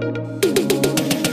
thank you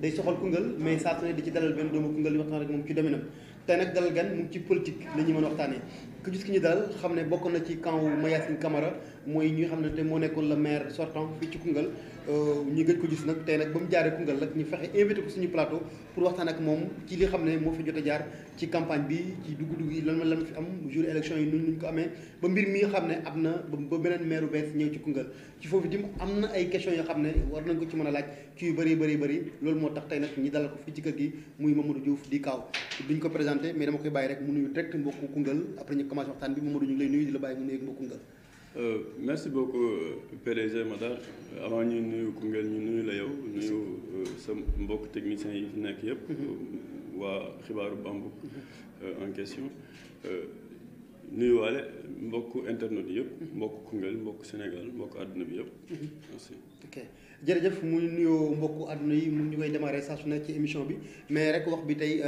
day soxal Koungheul mais saa su ne di ci dalal benn doomu Koungheul yi waxtaan rek moom ci domaine tey nag dalal gan mu ci politique la ñu mën waxtaanee ku gis ki ñu dalal xam ne bokk na ci camp wu Mayacine Camara mooy ñu nga xam ne te moo nekkoon le maire sortant fii ci Koungheul Euh, ñi gëj ko gis nag tey nag ba mu jaaree Koungheul nag ñu fexe invité ko suñu plateau pour waxtaan ak moom ci li xam ne moo fi jot a jaar ci campagne bi ci dugg-dugg yi lan lan fi am jour élection yi nuñ ko amee ba mbir mi xam ne am na ba beneen maire bees ñëw ci Koungheul ci foofu itam am na ay questions yoo xam ne war nañ ko ci mën a laaj ci yu bëri bëri bëri loolu moo tax tey nag ñi dalal ko fii ci kër gi muy Mamadou Diouf di Kaaw duñ ko présenté Euh, merci beaucoup euh, PDG Matar avant ñu nuyu Koungheul ñu nuyu la yow nuyu euh, sa mbokk techniciens yi fi nekk yëpp mhm. waa xibaaru bambou en question nuyuwaale mbokku internet yëpp mhm. mbokk Koungheul mbokk Sénégal mbokku àdduna bi yëpp mhm. merci ok jërëjëf muy nuyoo mbokku àdduna yi mu ñu koy démarrer saa su nekk ci émission bi mais rek wax bi tey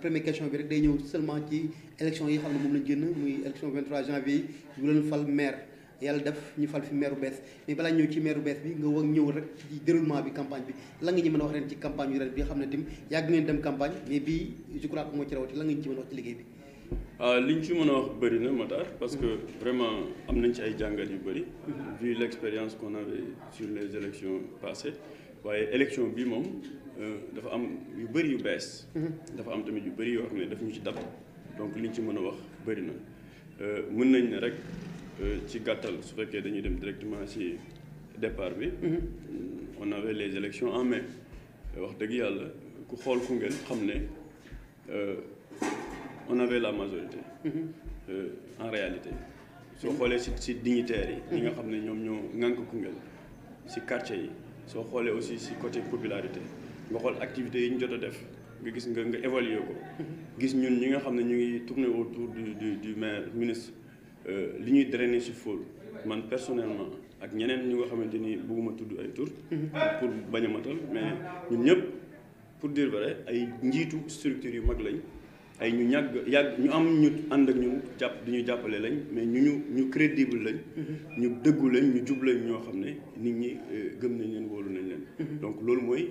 première question bi rek day ñëw seulement ci élection yi xam ne moom lañ génn muy élection 23 janvier yi ñu leen fal maire yàlla def ñu fal fi meeru bees mais balaa ñëw ci meeru bees bi nga wax ñëw rek ci déroulement bi campagne bi la nga ñu mën a wax ren ci campagne yu ren bi xam bii je crois que euh, li ñu ci mën a wax bëri na Matar parce que vraiment am nañ ci ay jàngat yu bëri mm-hmm. vu l' expérience qu'on avait sur les élections passées waaye élection bi moom euh, dafa am yu bëri yu bees mm-hmm. dafa am tamit yu bëri yoo xam ne dafa ñu ci dab donc li ñu ci mën a wax bëri na euh, mën nañ ne rek ci gàttal su fekkee dañuy dem directement ci départ bi. Mm-hmm. on avait les élections en mai wax dëgg yàlla ku xool Koungheul xam ne euh, on avait la majorité. Mm-hmm. Euh, en réalité. soo mm-hmm. xoolee si si dignitaires yi. ñi nga xam ne ñoom ñoo ŋànk Koungheul ci quartier yi soo xoolee aussi si côté popularité nga xool activités yi ñu jot a def nga gis nga nga évaluer ko. gis ñun ñi nga xam ne ñu ngi tourner autour du du du maire ministre. Euh, li ñuy drainer si fóol man personnellement ak ñeneen ñu nga xamante ni bëgguma tudd ay tur. Mhm. pour bañ a mais ñun ñëpp pour dire vrai ay njiitu structure yu mag lañ ay ñu ñàgg yàgg ñu am ñu ànd ak ñu jàpp di ñu jàppale lañ mais ñu ñu ñu crédible lañ. Mhm. ñu dëggu lañ ñu jub lañ ñoo xam ne nit ñi euh, gëm nañ leen woolu nañ leen. Mhm. donc loolu mooy.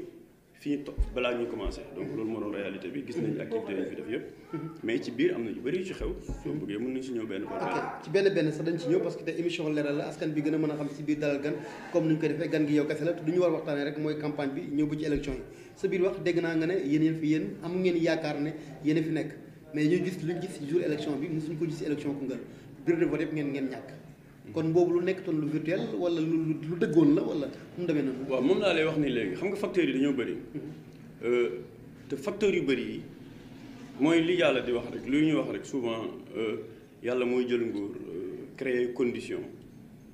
fii to balaa ñuy commencé donc loolu moo réalité bi gis nañ activité yi fi def yëpp mais ci biir am na yu bëri ci xew soo bëggee mën nañ si ñëw benn par benn ci la askan bi gën a a xam si biir dalal gan comme ni ñu koy defee gan gi yow kese la te du ñu war waxtaanee rek mooy campagne bi ñëw ba ci élection yi sa biir wax dégg naa nga ne yéen fi yéen am ngeen yaakaar ne yéen fi nekk mais ñu gis luñ gis si jour élection bi mosuñ ko gis kon boobu lu nekk toon lu virtuel wala lu lu dëggoon la wala mu demee noonu. waaw moom laa lay wax ni léegi xam nga facteurs yi dañoo bëri mhm. euh, te facteurs yu bëri yi mooy li yàlla di wax rek lu ñuy wax rek souvent euh, yàlla mooy jël nguur euh, créer condition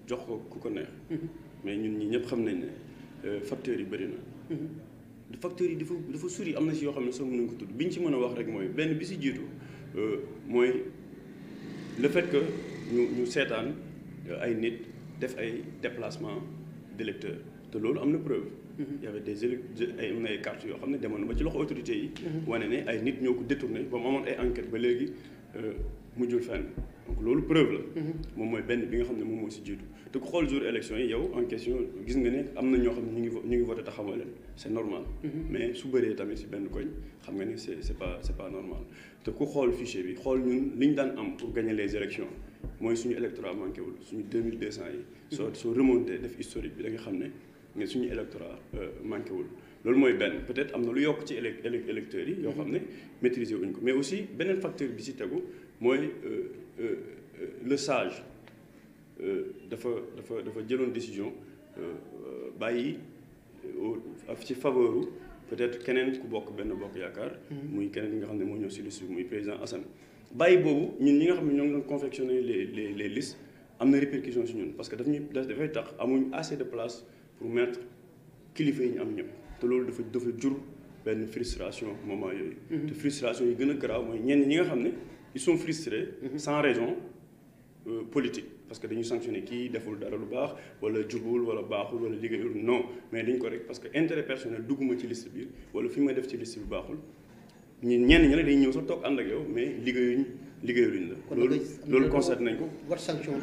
jox ko ku mhm. mais ñun ñi ñëpp xam nañ ne facteurs yi bari na. Mhm. facteurs yi dafa dafa suri am na si yoo xam ne sax mënuñ ko tudd ñu ci mën a wax rek mooy benn bi si jiitu mooy le fait que ñu ñu seetaan. Euh, ay nit def ay déplacement d'électeurs te loolu am na preuve. Mhm. y avait des élec ay am na yoo xam ne demoon na ba ci loxo autorité yi. Mhm. wane ne ay nit ñoo ko détourné ba mu amoon ay enquête ba léegi euh, mujjul fenn donc loolu preuve la. Mhm. moom mooy benn bi nga xam ne moom moo si jiitu te ku xool jour élection yi yow en question gis nga ne am na ñoo xam ne ñu ngi ñu ngi voté te xamoo leen c' normal. mais su bëree tamit si benn koñ xam nga ni c' est c' pas normal te ku xool fichier bi xool ñun li ñu daan am pour gagner les élections mooy suñu électorat manqué wul suñu 2200 yi. soo soo remonté def historique bi da nga xam ne suñu électorat euh, manqué wul. loolu mooy benn peut-être am na lu yokk ci élec électeurs yi yoo xam ne maîtriser wuñ ko mais aussi beneen facteur bi ci tegu mooy euh, euh, le sage dafa dafa dafa jëloon décision bàyyi ci faveur peut-être keneen ku bokk benn bokk yaakaar. Mm-hmm. muy keneen ki nga xam ne moo ñëw si liste bi muy président Assane. bàyyi boobu ñun ñi nga xam ne ñoo ngi doon confectionner les les les listes am parce que daf ñuy dafay tax amuñ assez de place pour mettre kilifa yi ñu am ñëpp te loolu dafa dafa jur benn frustration moment yooyu. Mm-hmm. te frustration yi gën a garaaw mooy ñenn ñi nga xam ne ils sont frustrés. Mm-hmm. sans raison euh, politique. parce que dañu sanctionné kii deful dara lu baax wala jubul wala baaxul wala liggéeyul non mais dañ ko rek parce que intérêt personnel dugguma ci liste bi wala fi ma def ci liste bi baaxul ñun ñenn ñi rek ñëw sax toog ànd ak yow mais liggéeyuñ liggéeyuñu la. loolu loolu constaté nañ ko. vote sanction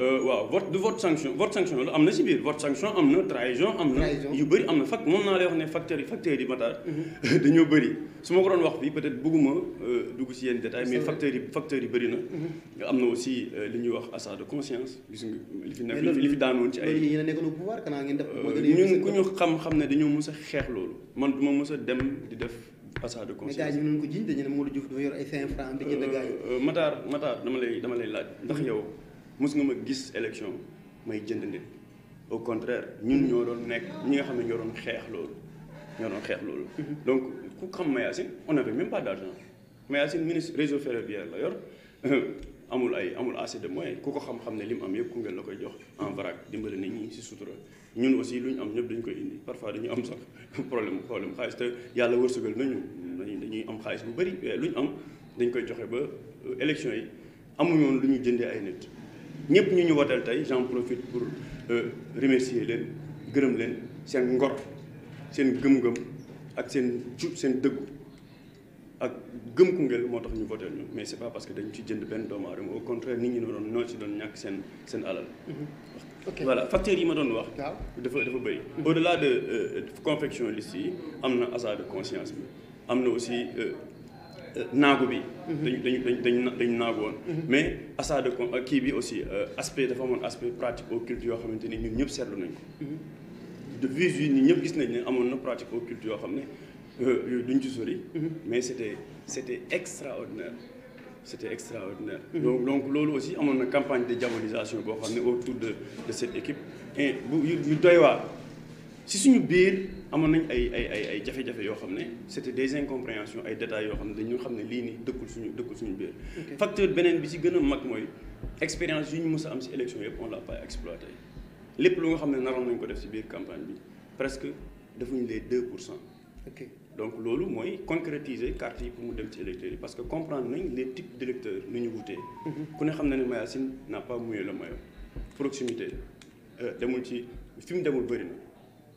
euh, waaw vote du vote sanction vote sanction la am na si biir vote sanction am na trahison am na. yu bëri am na fact moom naa lay wax ne facteurs yi facteurs yi mataar. Mhm. dañoo bëri su ma ko doon wax fii peut être bëgguma euh, dugg si yenn détails mais facteurs yi facteurs yi bëri na. Mhm. am na aussi euh, li ñu wax assas de conscience li fi nekk li fi daanoon ci ay. yéen a nekkoon au pouvoir kanaa ngeen def. ñun ku ñu xam xam ne dañoo mës a xeex loolu man du ma mës a dem di def. passage de conscience mais gars ko jiñ dañu ne Modou Diouf dafa yor ay cinq francs bi euh, dama lay dama lay laaj ndax mm-hmm. yow mos nga ma gis élection may jënd nit au contraire ñun mm-hmm. ñoo doon nekk ñi nga xam ne ñoo doon xeex loolu ñoo doon xeex loolu mm-hmm. donc ku xam Mayacine on avait même pas d'argent Mayacine ministre réseau ferroviaire la yor amul ay amul assez de moyens ku ko xam-xam ne li mu am yëpp Koungheul la koy jox en vrac dimbale nit ñi si sutura ñun aussi lu ñu am ñëpp dañu koy indi parfois dañu am sax problème problème xaalis te yàlla wërsëgal nañu dañuy am xaalis bu bari eh, lu ñu am dañ koy joxe ba euh, élection yi amuñoon lu ñu jëndee ay nit ñëpp ñu ñu woteel tey j'en profite pour euh, remercier leen gërëm leen seen ngor seen gëm-gëm ak seen jub seen dëggu ak gëm Koungheul moo tax ñu voté ñu mais c'est pas parce que dañu ci jënd benn doomu aadama au contraire nit ñi no doon ñoo ci doon ñàkk seen seen alal mhm. voilà facteurs yi ma doon wax dafa dafa bëri mhm. au delà de euh, euh, confection liste yi am na asa de conscience bi am na aussi euh, naagu bi mhm. dañu dañu dañu dañu naagu woon mais asa de kii bi aussi aspect dafa amoon aspect pratique au culte yoo xamante ni ñun ñëpp seetlu nañ ko de visu yi ñun ñëpp gis nañ ne amoon na pratique au culte yoo xam ne Euh, euh, du ñu ci sori. Mhm. mais c'était c'était extraordinaire c'était extraordinaire. Mhm. donc donc loolu aussi amoon na campagne de diabolisation boo xam ne autour de de cette équipe. et bu yu doy waar si suñu biir amoon nañ ay ay ay ay jafe-jafe yoo xam ne c'était des incompréhensions ay détails yoo xam ne dañu xam ne lii nii dëkkul suñu dëkkul suñu biir. facteur beneen bi ci gën a mag mooy expérience yu ñu mës a am ci élection yëpp on l'a pas exploité lépp lu nga xam ne naroon nañ ko def ci biir campagne bi presque defuñu les 2 pour cent. ok donc loolu mooy concrétiser carte yi pour mu dem ci électeurs yi parce que comprendre nañ les types d'électeurs nu ñu wutee. Mhm. ku ne xam na ne Mayacine n'a pas mouillé le maillot. proximité euh, demul ci fi mu demul bëri na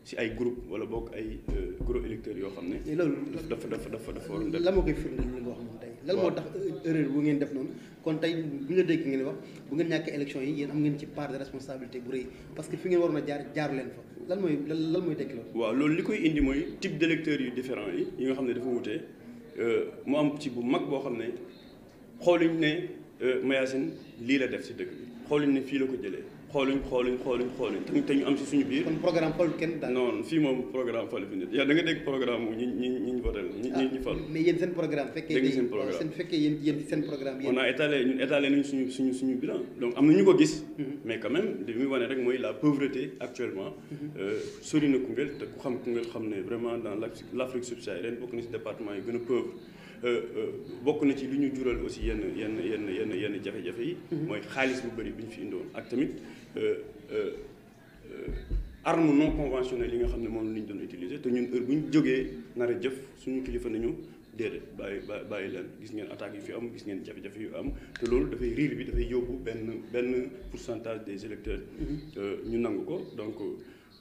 si ay groupe wala boog ay euh, gros électeurs yoo xam ne. loolu dafa dafa dafa dafa waroon def. lan moo koy firndeel li nga wax moom tey. lan moo tax erreur bu ngeen def noonu. kon tey bi nga dégg ngeen wax bu ngeen ñàkkee élection yi yéen am ngeen ci part de responsabilité bu rëy parce que fi ngeen waroon a jaar jaaru leen fa lan mooy lan mooy dekk loolu waaw loolu li koy indi mooy type d'électeurs yu différents yi yi nga xam ne dafa wutee euh, mu am ci bu mag boo xam ne xooluñ ne euh, Mayacine lii la def si dëkk bi xooluñ ne fii la ko jëlee xooluñ xooluñ xooluñ xooluñ te ñu am si suñu biir. kon programme xool kenn daal. non fii moom programme xool fi nit yow da programme mu ñi ñu ah, fal. mais yéen seen programme. fekkee seen seen programme. yéen on a étalé ñun suñu suñu suñu donc am na ñu ko gis. Mm-hmm. mais quand même li muy wane rek mooy la pauvreté actuellement. Mm-hmm. Euh, sori na Koungheul te ku xam Koungheul xam ne vraiment dans l' Afrique subsaharienne bokk na si département yi gën a pauvre. Euh, euh, bokk na ci lu ñu jural aussi yenn yenn yenn yenn yenn jafe-jafe yi mhm. mooy xaalis bu bëri bi ñu fi indoon ak tamit euh, arme non conventionnelle yi nga xam ne moom la ñu doon utiliser te ñu heure bu ñu jógee nar a jëf suñu kilifa nañu déedéet bàyyi bàyyi leen gis ngeen attaque yu fi am gis ngeen jafe-jafe yu am te loolu dafay riir bi dafay yóbbu benn benn pourcentage des électeurs mhm. ñu nangu ko donc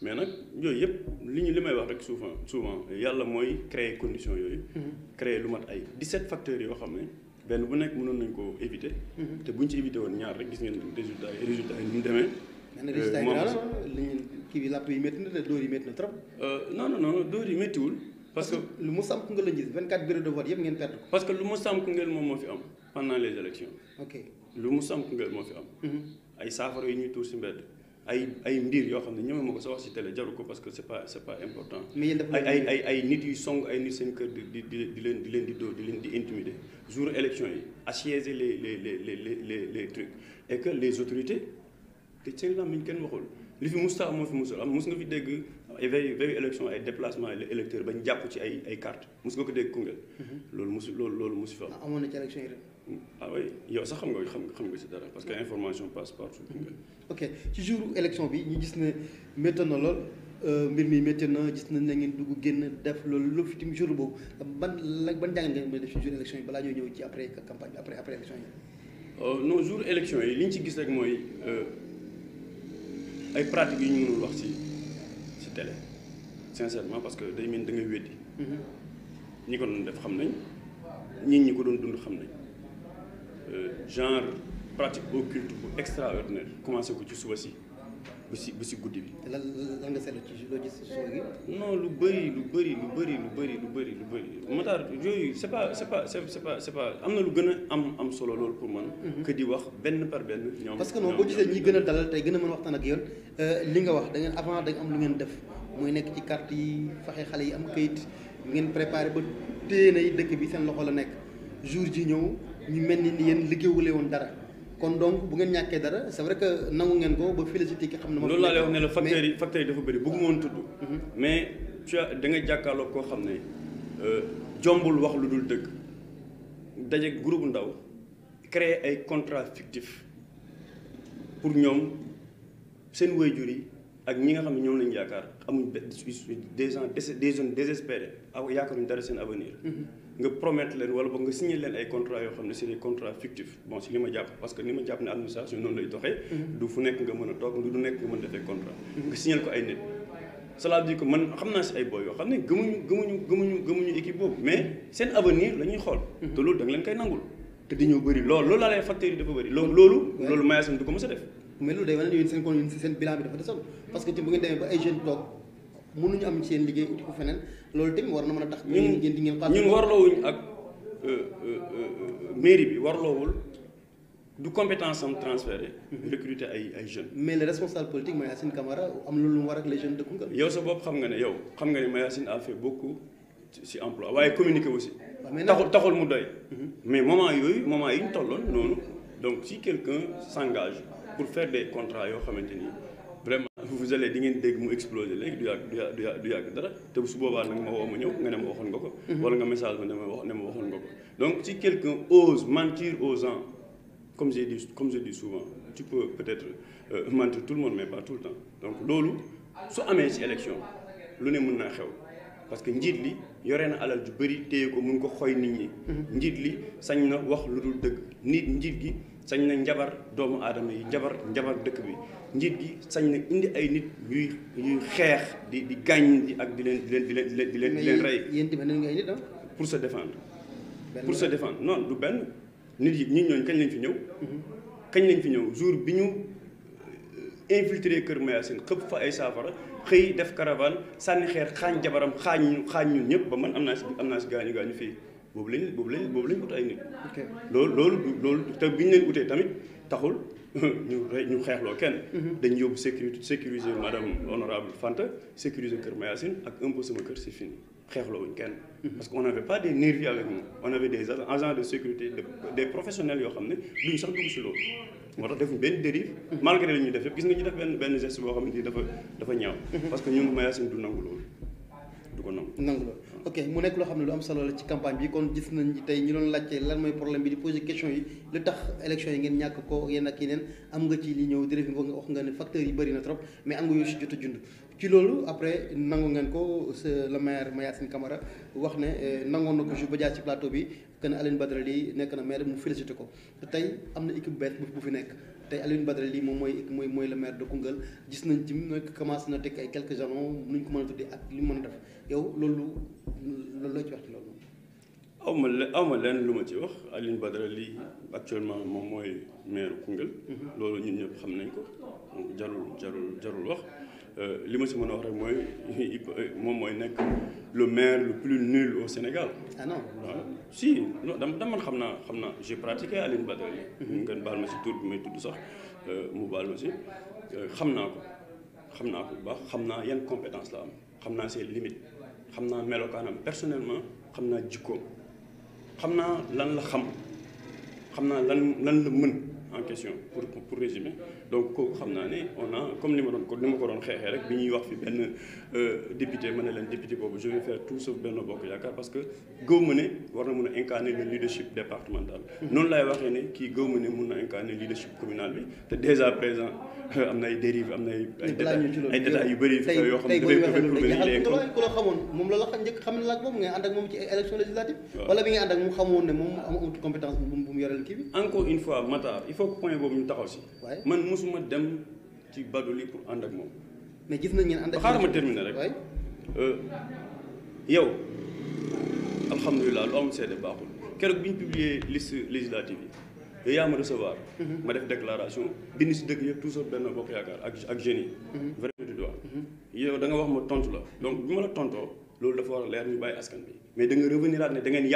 mais nag yooyu yëpp li ñu li may wax rek souvent souvent yàlla mooy créer condition yooyu. Mm-hmm. créer lu mat ay 17 facteurs yoo xam ne benn bu nekk mënoon nañ ko éviter. Mm-hmm. te buñ ci éviter woon ñaar rek gis ngeen résultat yi résultat yi ni mu demee. Euh, moom kii bi làpp yi métti euh, parce que lu mu sàmm Koungheul la gis 24 bureaux de vote yëpp ngeen perte parce que lu mu sàmm Koungheul moom moo fi am pendant les élections. ok lu mu sàmm Koungheul moo fi am. Mm-hmm. ay saafara yu ñuy tuur si ay ay mbir yoo xam ne ñëwee ma ko sa wax ci télé jaru ko parce que c'est pas c'est pas important. ay ay ay nit yu song ay nit seen kër di di di leen di leen di dóor di leen di intimider jour élection yi assiéger les les les les les les trucs et que les autorités te seen làmmiñ kenn waxul li fi musta moo fi musul am mus nga fi dégg éveil veille élection ay déplacement électeur bañ jàpp ci ay ay carte mus nga ko dégg Koungheul. Mhm. loolu musu loolu loolu musu fa ah, amoon na ci élection ah oui yow sax xam nga xam nga xam nga si dara parce que information passe partout. ok ci jour élection bi ñu gis ne métti na lool euh, mbir mi métti na gis nañ na ngeen dugg génn def loolu loolu fi tamit jour boobu ban la ban jàng ngeen def ci jour élection yi balaa ñoo ñëw ci après campagne bi après après élection yi. Euh, non jour élection yi li ñu ci gis rek mooy euh, ay pratiques yu ñu mënul wax si si télé sincèrement parce que day mel da ngay weddi. Mhm. ñi ko doon def xam nañ. ñit ñi ko doon dund xam nañ. Euh, genre pratique boo culte bu extraordinaire commencé ko ci suba si bu si bu si guddi bi. lan lan nga seetlu ci loo gis soo gi. non lu bëri lu bëri lu bëri lu bëri lu bëri lu bëri Matar yooyu c'est pas c'est pas c'est pas c'est pas am na lu gën a am am solo loolu pour man. Mhm. que di wax benn par benn. ñoom parce que non boo gisee ñi gën a dalal tey gën a mën waxtaan ak yoon euh, li nga wax da ngeen avant da nga am lu ngeen def mooy nekk ci carte yi fexe xale yi am kayit ngeen préparé ba téye nay dëkk bi seen loxo la nekk jour ji ñëw. ñu mel ni ni yéen liggéeyulee woon dara kon donc bu ngeen ñàkkee dara c'est vrai que nangu ngeen ko ba félicité ki xam ne. loolu laa lay wax ne la facteurs yi facteurs yi dafa bëri bëgguma woon tudd. Mhm. mais tu as da nga jàkkaarloo koo xam ne euh, jombul wax lu dul dëgg daje groupe ndaw créer ay contrat fictif pour ñoom seen waajur yi ak ñi nga xam ne ñoom lañu yaakaar amuñ des gens des jeunes désespérés ah, yaakaaruñ dara seen avenir. Mhm. nga promettre leen wala boog nga signer leen ay contrats yoo xam ne c'est des contrats fictifs bon si li ma jàpp parce que ni ma jàpp ne administration noonu lay doxee. Mm-hmm. du fu nekk nga mën a toog du du nekk nga mën a defee contrat. Mm-hmm. nga signer ko ay nit. cela veut dire man xam naa si ay boy yoo xam ne gëmuñu gëmuñu gëmuñu équipe boobu mais seen avenir la xool. Mm-hmm. te loolu da leen koy nangul. te di ñëw bëri loolu loolu loolu. loolu du ko mës a def. mais loolu day wane mënuñu am seen liggéey uti ko feneen loolu tamit war na mën a tax. ñun ngeen di ñu xaar ñun warloowuñ ak euh, euh, euh, mairie bi warloowul du compétence am transféré. Mhm. recruter ay ay jeunes. mais le responsable politique Mayacine Camara am loolu mu war ak les jeunes de Koungheul. yow sa bopp xam nga ne yow xam nga ne Mayacine a fait beaucoup si emploi waaye communiquer aussi. taxul taxul mu doy. Mhm. mais moment yooyu moment yi ñu tolloon noonu donc si quelqu'un s'engage pour faire des contrats yoo xamante ni. vraiment vous lee di ngeen dégg mu exploser léegi du yàgg du yàgg du yàgg dara te su boobaa nag ma woo ma ñëw nga ne ma waxoon nga ko. Mhm. wala nga message ma ne ma wax nga ko donc si quelqu'un ose mentir aux gens comme j'ai dit comme je dis souvent tu peux peut-être euh, mentir tout le monde mais pas tout le temps donc loolu su amee ci élection lu ne mën naa xew. parce que njiit li yore na alal ju bëri téye ko mun ko xoy nit ñi. Mhm. njiit li sañ na wax lu dul dëgg nit njiit gi. sañ na njabar doomu aadama yi njabar njabar dëkk bi njiit yi sañ na indi ay nit ñuy xeex di di gaañ di ak di leen di leen di leen di leen di leen rey ah? pour sa défendre pour sa défendre non du benn nit yi ñun kañ lañ fi ñëw mhm. kañ lañ fi ñëw jour bi ñu euh, infiltré Kër seen xëpp fa ay saafara xëy def caravane sànni xeer xaañ jabaram xaañ xaañ ñun ñëpp ba man am naa si am naa si gaañu gaañu fii boobu lañ boobu lañ boobu lañ ut ay nit. loolu loolu loolu te bi ñu leen utee tamit taxul ñu ñu xeexloo kenn. Mhm. dañ yóbbu sécurité sécuriser madame honorable Fanta sécuriser Kër Mayacine ak un peu sama kër c'est fini xeexloo wuñ kenn. Mhm. parce que on avait pas des nervis avec nous on avait des agents de sécurité des professionnels yoo xam ne duñ sax dugg si loolu. moo tax defuñ benn dérive. Mhm. malgré li ñuy def yëpp gis nga ñu def benn benn geste boo xam ne dafa dafa ñaaw. parce que ñun Mayacine du nangu loolu du ko nangu. nangu loolu. ok mu nekk loo xam ne lu am solo la ci campagne bi kon gis nañ tey ñu doon laajte lan mooy problème bi di poser question yi lu tax élection yi ngeen ñàkk ko yéen ak yeneen am nga ci li ñëw di nga wax nga ne facteurs yi bëri na trop mais am nga yoo si jot a jund ci loolu après nangu ngeen ko le maire Mayacine Camara wax ne eh, nangoon na ko jour jaar ci plateau bi kenn ne Aline Badara nekk na maire mu félicité ko tey am na équipe bu bees bu fi nekk. tey Alioune Badara lii moom mooy mooy mooy le maire de Koungheul gis nañ ci nag commencé na teg ay quelques jalons nuñ ko mën a li mu def yow loolu loolu loo ci wax ci ma leen aw ma leen lu ma ci wax Alioune Badara lii actuellement moom mooy maire Koungheul. Mhm. loolu ñu ñëpp xam nañ ko donc jarul jarul jarul wax. Euh, li ma si mën a wax rek mooy euh, moom mooy nekk le maire le plus nul au Sénégal. ah non si non dama xam naa xam naa j'ai pratiqué Alioune Badara yi. Mhm. ngeen baal ma si tur bi tudd sax euh, mu baal ma si xam naa ko xam naa ko bu baax xam naa yan compétence la am xam naa ses limites xam naa melokaanam personnellement xam naa jikkoom xam naa lan la xam xam naa lan lan la mën en question pour pour résumer. donc kooku xam naa ne on a comme ni ko doon xeexee rek bi ñuy wax fi benn euh, député ma ne leen député boobu je vais faire tout sauf Bokk Yaakaar parce que gëw ne war na mun a incarner le leadership départemental noonu laay waxee ne kii gëw ne mun na incarner leadership communal bi te dèjà présent euh, am na ay dérives am na ay ay détails yu bëri yoo xam ne ku la xamoon moom la la njëkk xam ne laaj boobu moom musuma dem ci Baduli pour ànd ak moom. mais gis nañ ngeen ànd ak xaaral ma terminer rek. Euh, yow alhamdulilah lu am seede baaxul keroog bi ñu publier liste législative yi. yooyu yaa ma recevoir. Mhm. ma def déclaration bind si dëkk yëpp toujours benn bokk yaakaar ak ak jeunes mhm. mhm. yow da nga wax ma tontu la donc bi ma la tontoo loolu dafa war a leer ñu bàyyi askan bi mais da nga revenir aat ne da ngeen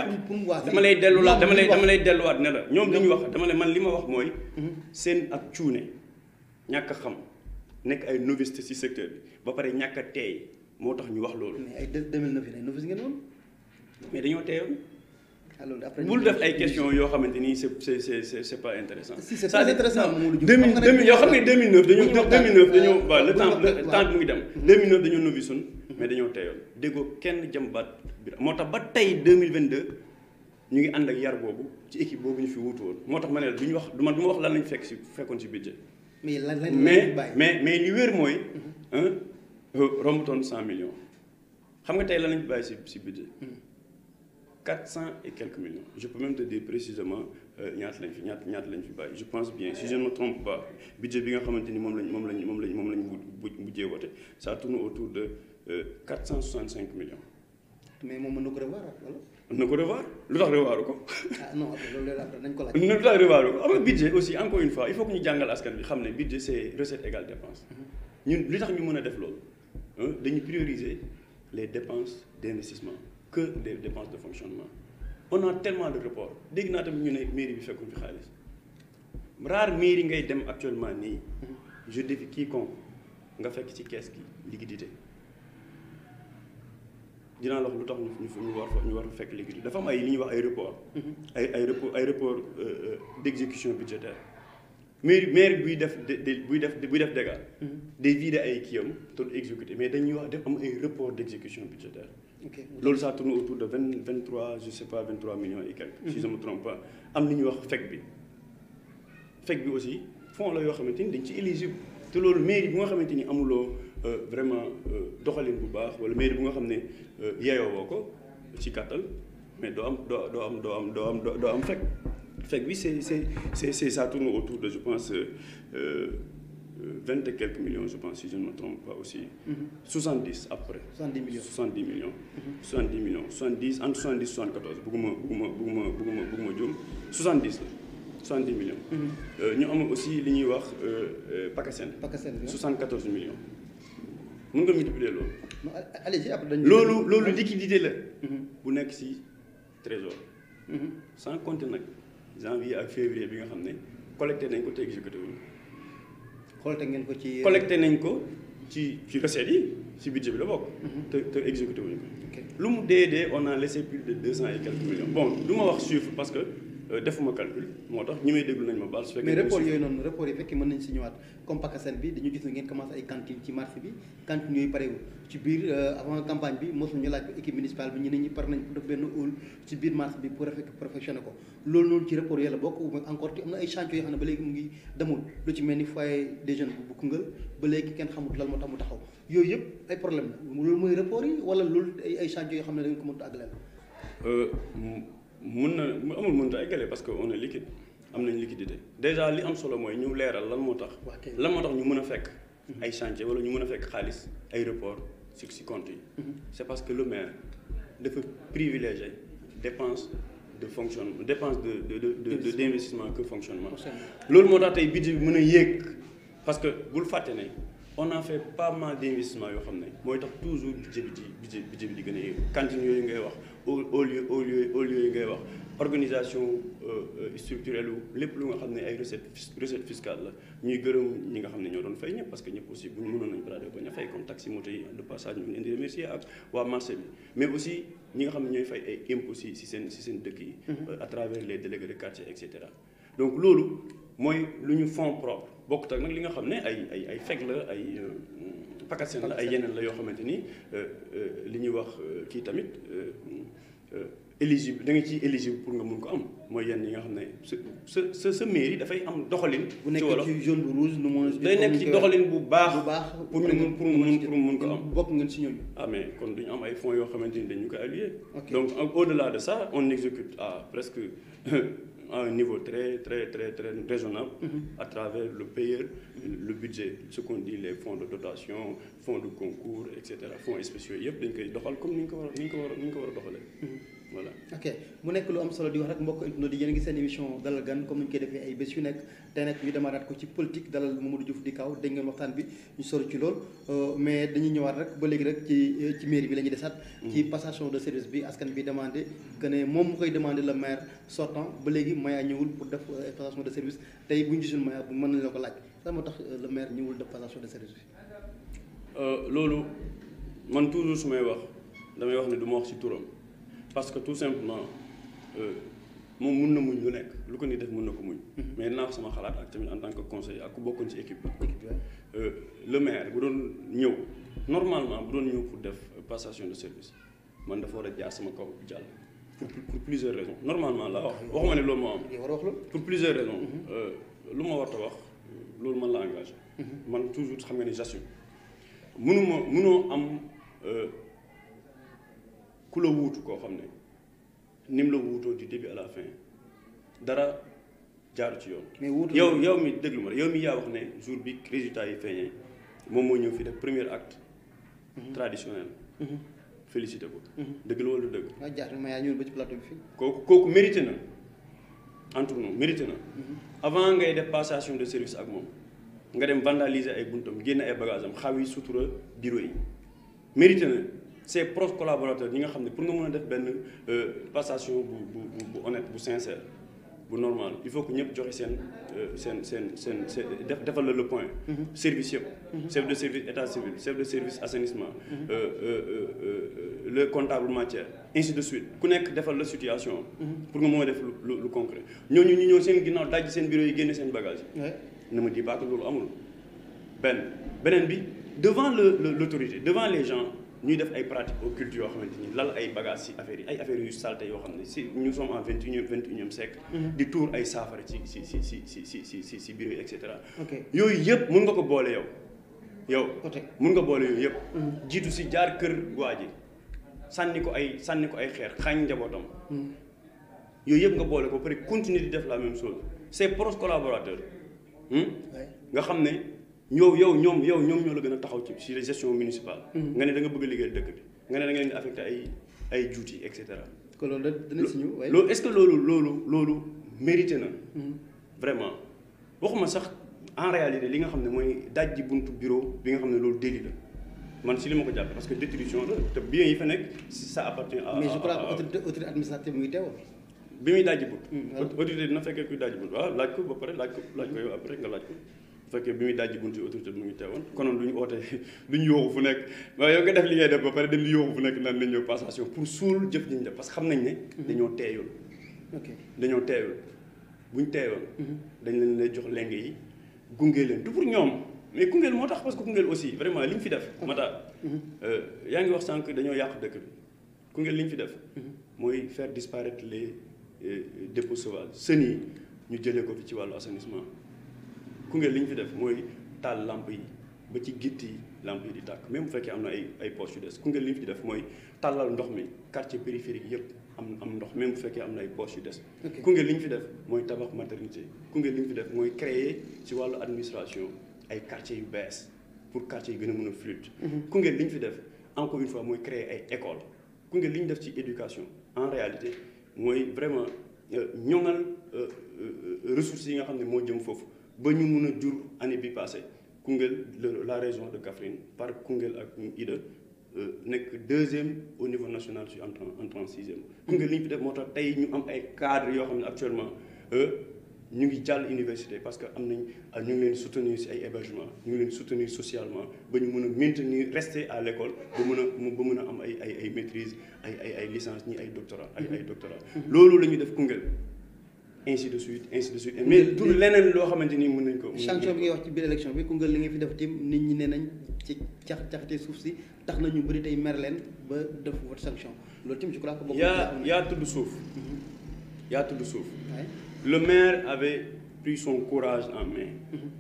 dama lay delluwaat ne la ñoom li ñu wax dama lay man li ma wax mooy. seen ak cuune. ñàkk xam nekk ay novice ci secteur bi ba pare ñàkk a teey moo tax ñu wax loolu. mais ay 2009 ay novice ngeen woon. mais dañoo teeyoon. alors bul def ay questions yoo xamante ni c'est c'est c'est pas intéressant. si c'est très intéressant Momadou ne yoo xam ne 2009 dañoo 2009 dañoo euh, waaw le temps le temps mu ngi dem. 2009 dañoo novice woon mais dañoo teeyoon déggoo kenn jëm moo tax ba tey 2022 ñu ngi ànd ak yar boobu ci équipe boobu ñu fi wutu woon moo tax ma ne la du wax du ma wax lan lañu fekk si fekkoon si budget mais mais mais mais li wér mooy. rombutoon cent millions. xam nga tey lan lañ bàyyi si si budget. Hmm. quatre cent et quelques millions je peux même te dire précisément euh, ñaata lañ fi ñaata lañ fi bàyyi je pense bien si bi nga xamante ni moom lañ moom lañ moom lañ moom lañ mujjee wote ça tourne autour de euh, quatre cent soixante cinq millions. mais moom mën na ko revoir wala. mën na ko revoir lu tax revoir ko. ah non nañ ko laaj. lu tax revoir ko am na budget aussi encore une fois il faut que ñu jàngal askan bi xam ne budget c'est recette égale dépense mm-hmm. ñun li tax ñu mën a def loolu dañu prioriser les dépenses d'investissement que les dépenses de fonctionnement on a tellement de reports dégg naa tamit ñu ne mairie bi fekkul fi xaalis rare mairie ngay dem actuellement nii mm-hmm. je défie quiconque nga fekk ci caisse gi liquidité. dinaa la wax lu tax ñu war fa ñu war fa fekk léegi dafa am ay li ñu wax ay report mhm. ay ay report ay report euh, euh, d'exécution budgétaire maire maire buy def buy def buy def dégâts mhm. day vider ay kiyam te du exécuté mais dañuy wax def am ay report d'exécution budgétaire loolu ça tourne autour de vingt vingt trois je sais pas vingt trois millions et quelques si mhm. je me trompe pas am li ñuy wax fekk bi fekk bi aussi fonds la yoo xamante ni dañ ci éligible te loolu mairie bi nga xamante ni amuloo Euh, vraiment euh, doxalin bu baax wala mairie bu nga xam ne euh, yeeyoo woo ko ci kàttal mais doo am doo doo am doo am doo am doo am fekk fekk bi c'est c'est c'est ça tourne autour de je pense vingt et million millions je pense si je ne me trompe pas aussi. Mm-hmm. soixante dix après. soixante dix millions soixante dix millions. Mm-hmm. soixante dix millions soixante dix entre soixante dix soixante quatorze bugguma bugguma bugguma bugguma soixante dix la. 70 mm-hmm. ñu am aussi li ñuy wax PACASEN. PACASEN 74 millions. mën nga multiplier loolu. allez après dañu. loolu loolu liquidité la. Mm-hmm. bu nekk ci trésor. Mm-hmm. sans compter nag janvier ak février bi nga xam ne collecté nañ ko te exécuté wuñu collecté ngeen ko ci. Euh, collecté nañ ko ci ci recettes yi ci budget bi la bokk. Mm-hmm. te te exécuté wuñu ko. lu mu dee dee on a laissé plus de deux cent et quelques millions bon du wax chiffre parce que. Euh, defuma calcul moo tax ñi may déglu nañ ma baal su fekkee. mais report yooyu noonu report yi fekk mën nañ si ñëwaat comme Pakasen bi dañu gis ne ngeen commencé ay cantine ci marché bi cantine yooyu biir euh, avant campagne bi mos ñu laaj ko équipe municipale bi ñu pare nañ ci biir marché bi pour ko loolu noonu ci report yooyu bokk encore am na ay chantier yoo xam ne ba léegi mu ngi demul lu ci mel ni foyer des jeunes bu Koungheul ba léegi kenn xamut lan moo tax mu taxaw yooyu yëpp ay problème la loolu mooy report yi wala loolu ay ay yoo xam ne da ko mun na amul mënut a eggale parce que on est liquide am nañ liquidité déjà li am solo mooy ñu leeral lan moo tax. lan moo tax ñu mën a fekk. Mhm. ay chantier wala ñu mën a fekk xaalis ay report sur si yi. Mhm. c' est parce que le maire dafa privilégier dépense de fonctionnement dépense de de de de d' investissement que fonctionnement. loolu moo tax tey budget bi mën a yéeg parce que bul fàtte ne on a fait pas mal d' investissement yoo xam ne mooy tax toujours budget bi di budget bi yooyu ngay wax. au au lieu au lieu au lieu yi ngay wax organisation euh, euh, structurelle lépp lu nga xam ne ay recette recette fiscale la ñuy ñi nga xam ne ñoo doon fay ñëpp parce que ñëpp aussi bu ñu mënoon nañ a fay comme taxi moto yi mais aussi ñi nga xam ñooy fay ay impôts si seen si seen dëkk mm-hmm. euh, à travers les délégués et cetera donc loolu mooy lu ñu fonds propre bokkut ak li nga xam ne ay ay ay fekk la ay pakaseen la ay yeneen la yoo xamante ni euh, euh, li ñuy wax euh, kii tamit éligible da nga ciy éligible pour nga mun ko am mooy yenn yi nga xam ne sa sa sa mairie dafay am doxalin. bu nekk ci jaune bu rouge mu. day nekk ci doxalin bu baax bu baax pour mun mun pour mun ko am. bokk ngeen si ñooñu. ah mais kon duñu am ay fonds yoo xamante ni dañu ko alloué. donc au delà de ça on exécute à presque. à un niveau très, très, très, très raisonnable mm-hmm. à travers le payeur, mm -hmm. le budget, ce qu'on dit les fonds de dotation, fonds de concours, etc. fonds spéciaux yëpp dañ koy doxal comme ni ñu ko war a ni ñu ko war a ni ñu voilà ok mu nekk lu am solo di wax rek mbokk internet di yéen ngi seen émission dalal gan comme ni ñu koy defee ay bés yu nekk tey nag ñu demaraat ko ci politique dalal Mamadou Diouf Dikaw dégg ngeen waxtaan bi ñu sori euh, mais dañuy ñëwaat rek ba léegi rek ci ci mairie bi la ñuy desaat mm-hmm. ci passation de service bi askan bi demandé que ne moom mu koy demandé le maire sortant ba léegi Maya ñëwul pour def euh, passation de service tey bu ñu gisul Maya bu mën nañ la ko laaj sax moo tax euh, le maire ñëwul def passation de service bi loolu man toujours su may wax damay wax ne du ma wax ci turam parce que tout simplement euh, moom mun na muñ lu nekk lu ko ni def mun na ko muñ. Mhm. mais naa sama xalaat ak tamit en tant que conseiller ak ku bokkoon ci équipe euh, le maire bu doon ñëw normalement bu doon ñëw pour def passation de service man dafa war a jaar sama kaw jàll. pour pour plusieurs raisons normalement la wax ma ne loolu moo am. pour plusieurs raisons. Mhm. Euh, lu ma war wax loolu man la engagé. Mhm. man toujours xam nga ni j'assume mënuma mënoo am. ku la wuutu koo xam ne ni mu la wuutoo du début à la fin dara jaaru ci yoon. mais wuutu yow yow mi déglu ma yow mi yaa wax ne jour bi résultat yi feeñee moom moo ñëw fii def premier acte. Mhm. traditionnel. Mhm. félicité ko. Mhm. dëgg la wala du dëgg. waaw jaaxle ma yaa ñëw ba ci plateau bi fii. kooku kooku mérité na entre nous na. avant ngay def passation de service ak moom nga dem vandaliser ay buntam génn ay bagages am xaw yi sutura bureau yi mérité na. ses proches collaborateurs ñi nga xam ne pour nga mën a def benn euh, passation bu bu bu honnête bu sincère bu normal il faut que ñëpp joxe seen euh, seen seen seen def defal la le point. Mm-hmm. service yëpp. Mm-hmm. chef de service état civil chef de service assainissement. Mm-hmm. Euh, le comptable matière ainsi de suite ku nekk defal la situation. pour nga mën a def lu lu concret ñooñu ñu ñëw seen ginnaaw daj seen bureau yi génne seen bagage. ne ma di baax loolu amul benn beneen bi devant le l'autorité devant les gens. ñuy def ay pratiques occultes yoo xamante ni lal ay bagages ci affaire yi ay affaires yu salté yoo xam ne si nous sommes en vingt unième vingt unième siècle mm-hmm. di tuur ay saafara ci ci ci ci ci ci ci ci ci bureau et yooyu yëpp mun nga ko boole yow yow mun nga boole yooyu yëpp mm-hmm. jiitu si jaar kër waa ji sànni ko ay sànni ko ay xeer xaañ njabootam mm-hmm. yooyu yëpp nga boole ko pare continuer di def la même chose ses proches collaborateurs hmm? nga xam ne yow yow ñoom yow ñoom ñoo la gën a taxaw ci ci gestion municipale. Mm-hmm. nga ne da nga bëgg a liggéeyal dëkk bi nga ne da nga leen di affecté ay ay juuti et cetera. kon loolu la dina si ñëw waaye loolu loolu loolu loolu mérité na. Mm-hmm. vraiment waxuma sax en réalité li nga xam ne mooy dajji bunt buntu bureau bi nga xam ne loolu délit la man si li ma ko jàpp parce que détrition la te bien yi fa nekk ça appartient à. mais je crois que autorité muy teew. bi muy daj ji bunt. Mm-hmm. fekkee kuy daj ji bunt ah, laaj ko ba pare laaj ko laaj ko yow après nga laaj ko. bu fekkee bi muy dajji buntu autorité bi mu ngi teewoon konoon lu ñu oote lu ñu yooxu fu nekk waaye yow nga def li ngay def ba pare dem di yooxu fu nekk naan nañ ñëw passation pour suul jëf ñu def parce que xam nañ dañoo teeyul dañoo teeyul buñ teeyoon mhm. dañ leen lay jox lenge yi gunge leen du pour ñoom mais Koungheul moo tax parce que Koungheul aussi vraiment li ñu fi def mata mhm. euh, yaa ngi wax sànq dañoo yàq dëkk bi Koungheul li ñu fi def mhm. mooy faire disparaître les euh, dépôts sauvages sën yi ñu jëlee ko fi ci wàllu assainissement Koungheul li ñu fi def mooy taal lamp yi ba ci gitt yi lamp yi di tàkk même bu fekkee am na ay ay poches yu des Koungheul li ñu fi def mooy tàllal ndox mi quartier périphérique yëpp am am ndox même bu fekkee am na ay poches yu des. Koungheul li ñu fi def mooy tabax maternité Koungheul li ñu fi def mooy créer ci wàllu administration ay quartiers yu bees pour quartier yi gën a mën a fluide. Mhm. Koungheul li ñu fi def encore une fois mooy créer ay écoles Koungheul li ñu def ci éducation en réalité mooy vraiment euh, ñoŋal euh, euh, ressources yi nga xam ne moo jëm foofu. ba ñu mun a jur année bi passée Koungheul la région de Kaffrine par Koungheul ak Ida euh, nekk deuxième au niveau national je suis en en trente sixième. Koungheul li ñu moo tax tey ñu am ay cadres yoo xam ne actuellement euh, ñu ngi jàll université parce que am nañ ah, ñu ngi leen soutenir si ay hébergement ñu ngi leen soutenir socialement ba ñu mën a maintenir rester à l'école ba mun a ba mën a am ay ay ay maîtrise ay ay ay licence ñi ay doctorat ay ay doctorat mm-hmm. loolu la ñu def Koungheul. ainsi de suite ainsi mais du leneen loo xamante ni mën nañ ko. sanction bi ngay wax ci biir élection bi Koungheul li nga fi def tim nit ñi nee ci cax caxte suuf si tax na ñu bëri tey mer leen ba def vote sanction loolu tim je crois que bokk yaa yaa tudd suuf mhm. yaa tudd suuf le maire avait pris son courage en main mhm.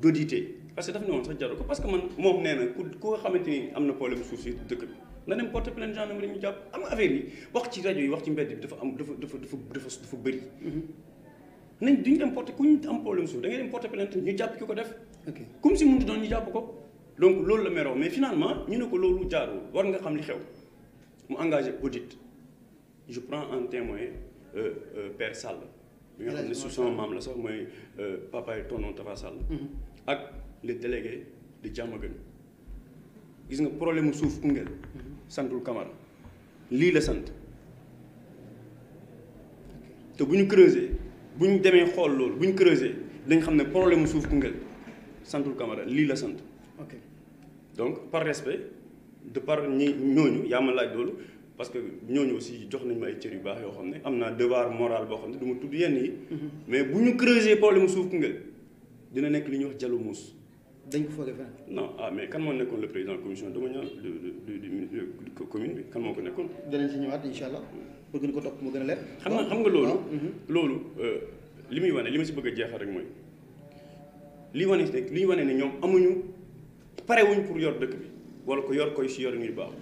d'auditer parce que daf ne woon sax jaru parce que man moom nee na ku ku xamante ni am na problème suuf si dëkk nga dem porte plainte gendarmerie ñu jàpp am affaire yi wax ci rajo wax ci mbedd bi dafa am dafa dafa dafa dafa dafa bëri. Mm-hmm. nañ duñu dem porte ku ñu am problème suuf da ngay dem porte plainte ñu ko def. comme si mënut doon jàpp ko. donc loolu la meroo mais finalement ñu ne ko loolu jaarul war nga xam li xew mu engagé audit je prends en témoin euh, euh, Père Sall. bi nga xam ne su sama maam la sax mooy euh, papa yi tonton Tafa Sall. Mm-hmm. ak le délégué de Diamaguène nga problème mu suuf Koungheul. Mm-hmm. santul Camara lii la sant te bu ñu creuser bu ñu demee xool loolu bu ñu creuser dañ xam ne problème mu suuf Koungheul santul Camara lii la sant. ok donc par respect de par ñi ñooñu yaa ma laaj loolu parce que ñooñu aussi jox nañ ma ay cër yu baax yoo xam ne am naa devoir moral boo xam ne du ma tudd yenn yi. Mhm. mais bu ñu creuser problème mu suuf Koungheul dina nekk li ñuy wax jalu muus. dañ ko foogee feneen. non ah mais kan moo nekkoon le président commission domaniale du du du commune bi kan moo ko nekkoon. danañ si ñëwaat incha allah pour gën ko topp mu gën a leer. xam nga xam nga loolu. Ah, mhm. loolu euh, li muy wane li ma si bëgg a jeexal rek mooy li wane rek li ñu wane ne ñoom amuñu parewuñ pour yor dëkk bi wala ko yor koy si yor ngir baax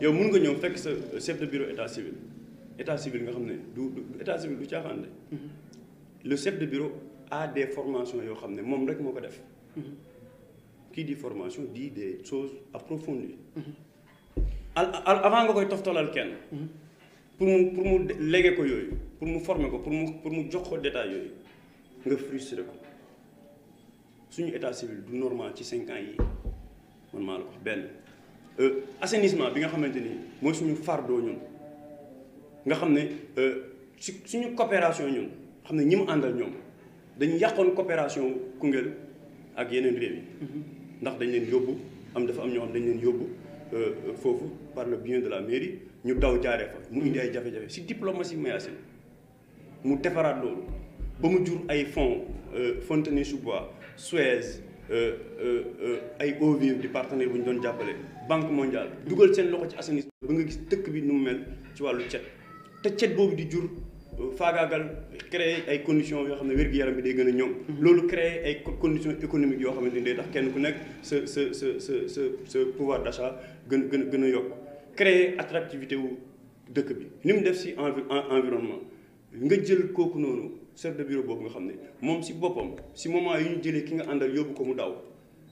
yow mun nga ñëw fekk sa chef de bureau état civil état civil nga xam ne du état civil du caaxaan mhm. le chef de bureau a des formations yoo xam ne moom rek moo ko def. Mhm. kii di formation de dit des mhm. al approfondies. avant nga koy toftalal kenn. Mhm. pour mu pour mu légué ko yooyu pour mu former ko pour mu pour mu jox ko détail yooyu nga frustré ko suñu état civil du normal ci cinq ans yi man maa la ko benn. Euh, assainissement bi nga xamante ni mooy suñu fardeau ñun nga xam ne euh, su suñu coopération ñun xam ne ñi mu àndal ñoom dañu yàqoon coopération Koungheul ak yeneen réew yi. Mhm. ndax dañu leen yóbbu am dafa am ñoo xam dañ leen yóbbu euh, foofu par le bien de la mairie ñu daw jaaree fa mu indi ay jafe-jafe si diplomatie Mayacine mu defaraat loolu ba mu jur ay fonds euh, Fontenay-sous-Bois Suez euh, ay eaux vives di partenaire bu ñu doon jàppale banque mondiale dugal seen loxo ci assainissement ba nga gis dëkk bi nu mu mel ci wàllu cet te cet boobu di jur faagaagal créer ay conditions yoo xam ne wér-gu-yaram bi day gën a ñoom mm-hmm. loolu créer ay condition économiques yoo xamante ni day tax kenn ku nekk sa sa sa sa sa sa pouvoir d'achat gën gën gën a yokk créer attractivité wu dëkk bi ni mu def si environnement nga jël kooku noonu chef de bureau boobu nga xam ne moom si boppam si moment yi ñu jëlee ki nga àndal yóbbu ko mu daw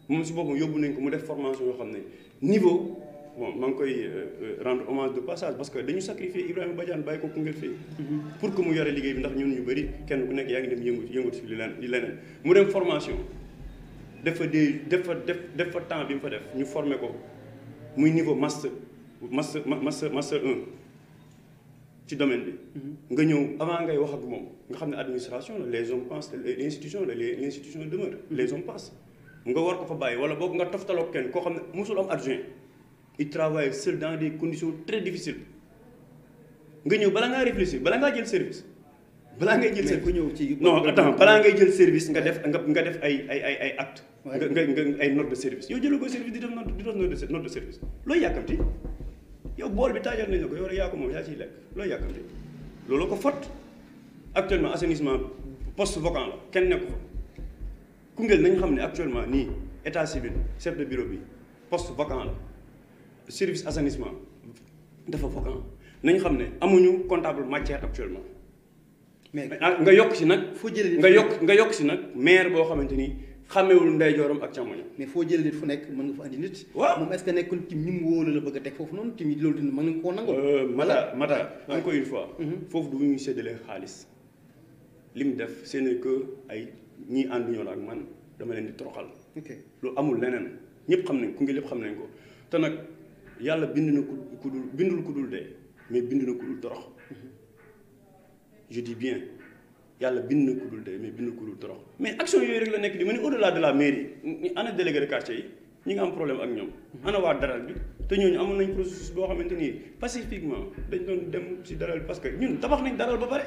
moom si boppam yóbbu nañ ko mu def formation yoo xam ne niveau bon maa ngi koy euh, rendre hommage de passage parce que dañu sacrifier Ibrahima Badiane bàyyi ko Koungheul fii. Mm-hmm. pour que mu yore liggéey bi ndax ñun ñu bari kenn ku nekk yaa ngi dem yëngu yëngu si li leneen mu dem formation dafa dee dafa def def fa temps bi mu fa def ñu former ko muy niveau master master master master 1 ci domaine bi. Mm-hmm. nga ñëw avant ngay wax ak moom nga xam ne administration la les hommes passent l' institution la l' institution demeure les mm-hmm. hommes nga war ko fa bàyyi wala boog kenn koo xam ne mosul am adjoint. il travaille seul dans des conditions très difficiles nga ñëw bala ngaa réfléchir bala ngaa jël service. balaa ngay jël service ñëw ci. non attends balaa ngay jël service nga def nga def ay ay ay ay acte nga nga ay note de service yow jële ko service di def note di def note de service looy yàkkamti yow bool bi taajal nañ la ko yow rek yaa ko moom yaa ciy lekk looy loolu ko fot actuellement assainissement poste vacant la kenn nekku fa Koungheul nañ xam ne actuellement nii état civil chef de bureau bi poste vacant la service assainissement dafa vacant nañu xam ne amuñu comptable matière actuellement. mais ah, nga yokk si nag. foo jëlee nga yokk nga yokk si nag maire boo xamante ni xàmmewul ndeyjooram ak càmmoñam. mais foo jëlee fu nekk mën nga fa andi nit. waaw moom est-ce que nekkul tim ñi mu wóolu la bëgg a teg foofu noonu tim loolu tamit mën nga koo nangoo. Euh, Mata Mata encore une mm-hmm. du ñu seddalee xaalis li mu def seen que ay ñii ànduñoo la ak man dama leen di toroxal. ok amul leneen ñëpp xam nañ ku ngi lépp xam nañ ko te nag. yàlla bindu na ku dul bindul ku dul dee mais bind na ku dul torox mhm. je dis bien na ku dul dee mais bind na ku dul torox mais action yooyu rek la nekk di ma ne au delà de la mairie ana délégué de quartier yi ñi nga am problème ak ñoom. Mhm. ana waa daral bi te ñooñu amoon nañ processus boo xamante ni pacifiquement dañ doon dem si daral bi parce que ñun tabax nañ daral ba pare.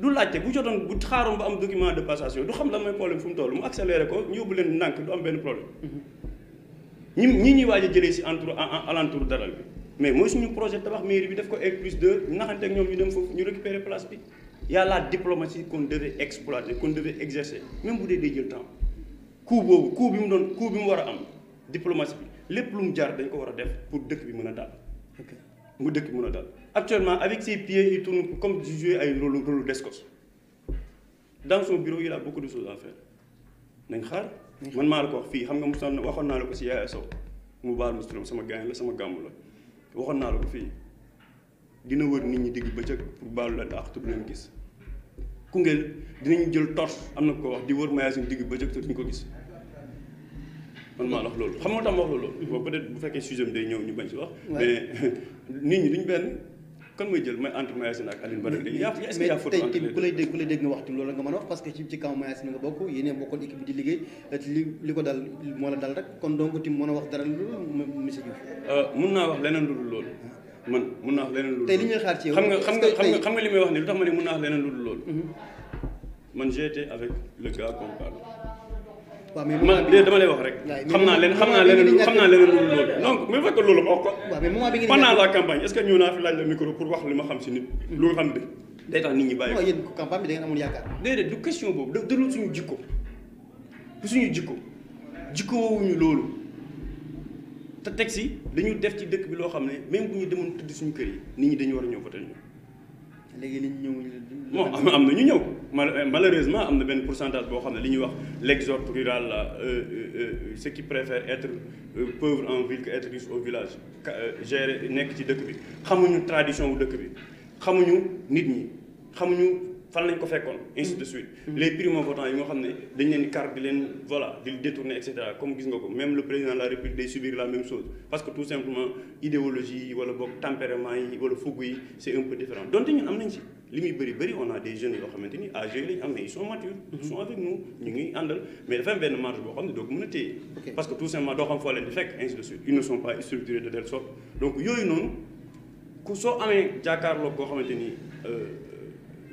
du laajte bu jotoon bu xaaroon ba am document de passation du xam la mooy problème fu mu toll mu accéléré ko ñu yóbbu leen ndànk du am benn ñi ñi ñuy waaj a jëlee si entour alentour daral bi mais mooy suñu projet tabax mairie bi daf ko R plus 2 naxante ak ñoom ñu dem foofu ñu récupérer place bi y a la diplomatie qu'on devait exploiter qu'on devait exercer même bu dee day jël temps coût boobu coût bi mu doon coût bi mu war a am diplomatie bi lépp lu mu jaar dañ ko war a def pour dëkk bi mën a daal mu dëkk bi mën a daal actuellement avec ses pieds il tourne comme di jouer ay rôle rôle d'escorte dans son bureau il a beaucoup de choses à nañ xaar man maa la ko wax fii xam nga mosoon waxoon naa la ko si yaay Sow mu baal ma turam sama gaañ la sama gàmm la waxoon naa la ko fii dina wër nit ñi digg bëccëg pour baalu la daax tu du leen gis. Koungheul dinañ jël tort am na ko wax di wër magasin digg bëccëg te duñ ko gis man maa la wax loolu xam nga tax ma wax loolu. Mm-hmm. bon peut bu fekkee sujet am day ñëw ñu bañ si wax. mais nit ñi duñ benn. kan mooy jël mooy entre Mayacine ak Alioune Badara Gueye. est a photo entre les deux mais tey ku nga a wax parce que ci ci kaw Mayacine nga bokk yéen a bokkoon équipe euh, ci xam nga xam nga xam nga li may wax nii lu tax ma ne mun naa wax leneen lu dul loolu. Mhm. man j'étais avec le gars qu'on parle waaw mais man dama lay wax rek. xam naa leen xam naa leen xam naa leen loolu. donc bu fekkee loolu ma wax ko. la campagne est ce que ñëw naa fi laaj la micro pour wax li ma xam si nit. Hmm. lu xam de day tax du question boobu de du suñu jikko du suñu jikko jikko woowuñu loolu te teg si dañu def ci dëkk bi loo xam ne même bu ñu demoon tëdd suñu kër yi nit ñi dañu war a ñëw voté ñu léegi nit ñi ñëwuñu bon am na ñu ñëw euh, malheureusement am na benn pourcentage boo xam ne li ñuy wax l'exode rural là euh, euh, ceux qui préfèrent être pauvre en ville que être riche au village gérer nekk ci dëkk bi xamuñu tradition wu dëkk bi xamuñu nit ñi xamuñu fan lañ ko fekkoon ainsi suite mm-hmm. les primo-votants yi nga xam ne dañ leen carte di leen voilà di détourner et comme gis nga ko même le président la république day subir la même chose parce que tout simplement idéologie yi wala boog tempérament yi wala fougue yi c'est un peu différent ci li muy bëri bëri on a des jeunes yoo xamante ni âgés lañ am mais ils sont matures. ils sont avec nous ñu ngi àndal mais dafa am benn marge boo xam ne doo ko mën a téye. parce que tout simplement doo xam foo leen di fekk ainsi de suite ils ne sont pas structurés de telle sorte donc yooyu noonu ku soo amee jàkkaarloog koo xamante ni euh,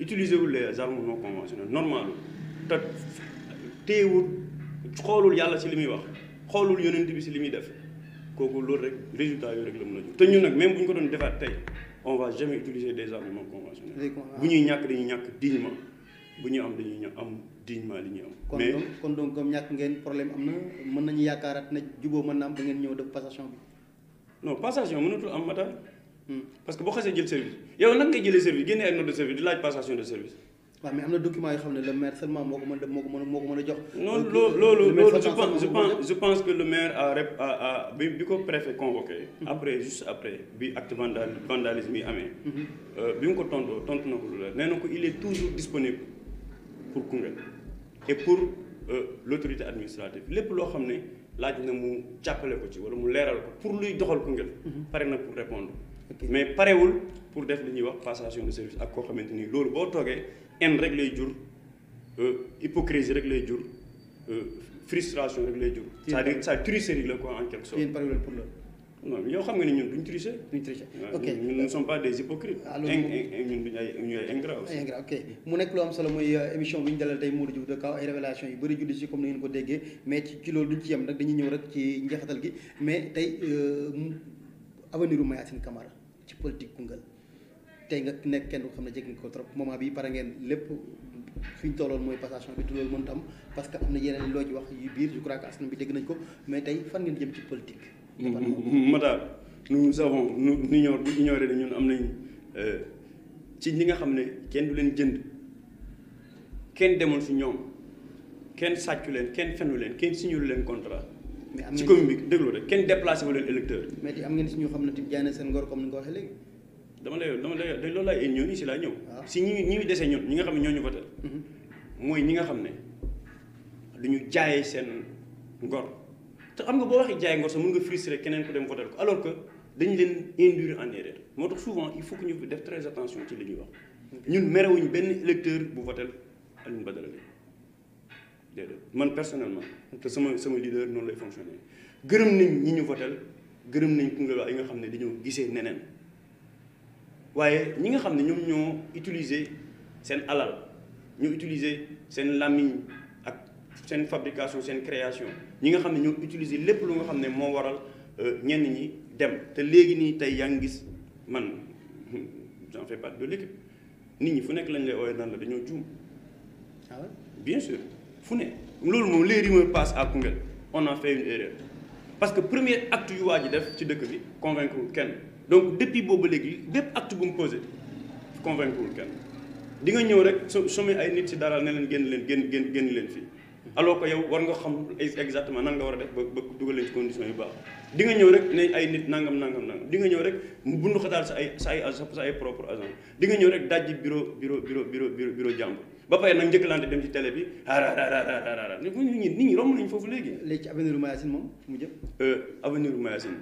utiliser wul les armes non conventionnelles normal te téyewul xoolul yàlla si li muy wax xoolul yonent bi si li muy def kooku loolu rek résultat yooyu ñun nag même bu ko doon defaat tey. on va jamais utiliser des armes non conventionnelles bu ñuy ñàkk dañuy ñàkk dignement bu ñuy am dañuy am dignement li ñuy am. mais kon donc comme ñàkk ngeen problème am na mën nañu yaakaaraat ne juboo mën na am ba ngeen ñëw def passation bi. non passation mënatul am matal. Hmm. parce que boo xasee jël service yow nag ngay jëlee service génnee ay note de service di laaj passation de service. mais am na document yoo xam ne le maire seulement moo ko mën a moo ko mën moo ko jox. non loolu loolu je pense je pense je pense que le maire a rep bi bi ko préfet convoqué. Mhm. après juste après bi acte vandal vandalisme yi amee. Mhm. Euh, bi mu ko tontoo tontu na ko lu la nee na ko il est toujours disponible pour Koungheul et pour euh, l' autorité administrative lépp loo xam ne laaj na mu jàppale ko ci wala mu leeral ko pour luy doxal Koungheul. Mhm. pare na pour répondre mais parewul pour def li ñuy wax passation service ak koo xamante ni loolu boo toogee. haine rek lay jur euh, hypocrisie rek lay jur euh, frustration rek lay jur. c'est-à-dire ça tricherie la quoi en quelque sorte. pour non yow xam nga ni ñun duñ tricher. ok mu nekk lu am solo mooy euh, émission bi ñu dalal tey Modou Diouf Dakaw ay révélation yu bëri julli si comme ni ngeen ko déggee mais ci ci loolu duñ ci yem nag dañuy ñëw rek ci njeexital gi mais tey avenir u Mayacine Camara ci politique Koungheul. tey nga nekk kenn xam ne jéggi ko trop moment bi pare ngeen lépp fi ñu mooy passation bi te loolu mënut am parce que na yeneen loo ci wax yu biir je crois ko mais tey fan ngeen jëm ci politique. Mm-hmm. madame nous savons nous ignorons bu ignoré ne ñun am nañ euh, ci ñi nga xam ne kenn du leen jënd kenn demul si ñoom kenn sàccu leen kenn fenu leen kenn signalu leen contrat. ci commune bi déglu rek kenn déplacé wu leen électeur. mais am ngeen si ñoo xam ne jaay na seen ngor comme ni nga ko waxee léegi. dama lay dama lay loolu laay ñëw si laa ñëw. si ñi ñi ñu dese ñun ñi nga xam ne ñoo ñu voté. Mm-hmm. mooy ñi nga xam ne du ñu jaayee seen ngor te xam nga boo waxee jaay ngor sa mën nga frustré keneen ku dem voté ko alors que dañu leen induire en erreur moo tax souvent il faut que ñu def très attention ci li ñuy wax. Mm-hmm. ñun merewuñ benn électeur bu voté Alioune Badara Ly déedéet man personnellement te sama sama leader noonu lay fonctionner gërëm nañ ñi ñu voté gërëm nañ ku nga yi nga xam ne dañoo gisee neneen. waaye ñi nga xam ne ñoom ñoo utiliser seen alal ñoo utiliser seen làmmiñ ak seen fabrication seen création ñi nga xam ne ñoo utiliser lépp lu nga xam ne moo waral euh, ñenn ñi dem te léegi nii tey yaa ngi gis man j'en fais partie de l'équipe nit ñi fu nekk lañ lay ooyee nan la dañoo juum ah bien sûr fu ne loolu moom les rumeurs passent à Koungheul on a fait une erreur parce que premier acte yu waa ji def ci dëkk bi convaincre kenn donc depuis boobu léegi bépp acte bu mu posé convaincre wul kenn di nga ñëw rek so some ay nit ci dara ne leen génn leen génn génn génn leen fii alors que yow war nga xam exactement nan nga war a def ba ba dugal leen ci conditions yu baax di ñëw rek ay nit nangam nangam nangam di nga ñëw rek bundu xataal sa ay sa ay sa ay propre agent di nga ñëw rek dajji bureau bureau bureau bureau bureau bureau jàmbur ba pare nag njëkkalante dem ci télé bi arararararara nit ñi romb nañu foofu léegi. léegi ci avenir Mayacine moom fu mu jëm. Euh, avenir Mayacine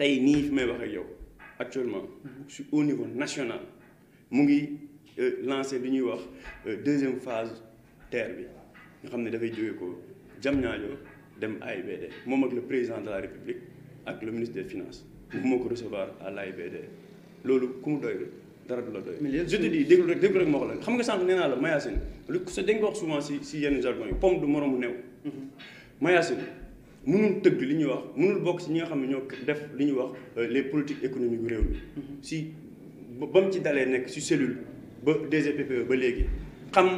tey nii fi may wax yow actuellement mhm. su au niveau national mu ngi euh, lancé li ñuy wax euh, deuxième phase TER bi ñu xam ne dafay jógee ko jam Diamniadio dem AIBD moom ak le président de la République ak la ministre des finances moom moo ko recevoir à l'AIBD loolu ku mu doy dara du la doy je te dis déglu rek déglu rek moo xam nga sànq nee naa la Mayacine lu sa dañ wax souvent si si yenn jargon yi pomme du mu new Mayacine mënul tëgg li ñuy wax mënul bokk si ñi nga xam ne ñoo def li ñuy wax euh, les politiques économiques réew mi mm-hmm. si ba mu ci dalee nekk si cellule ba DGPPE ba léegi xam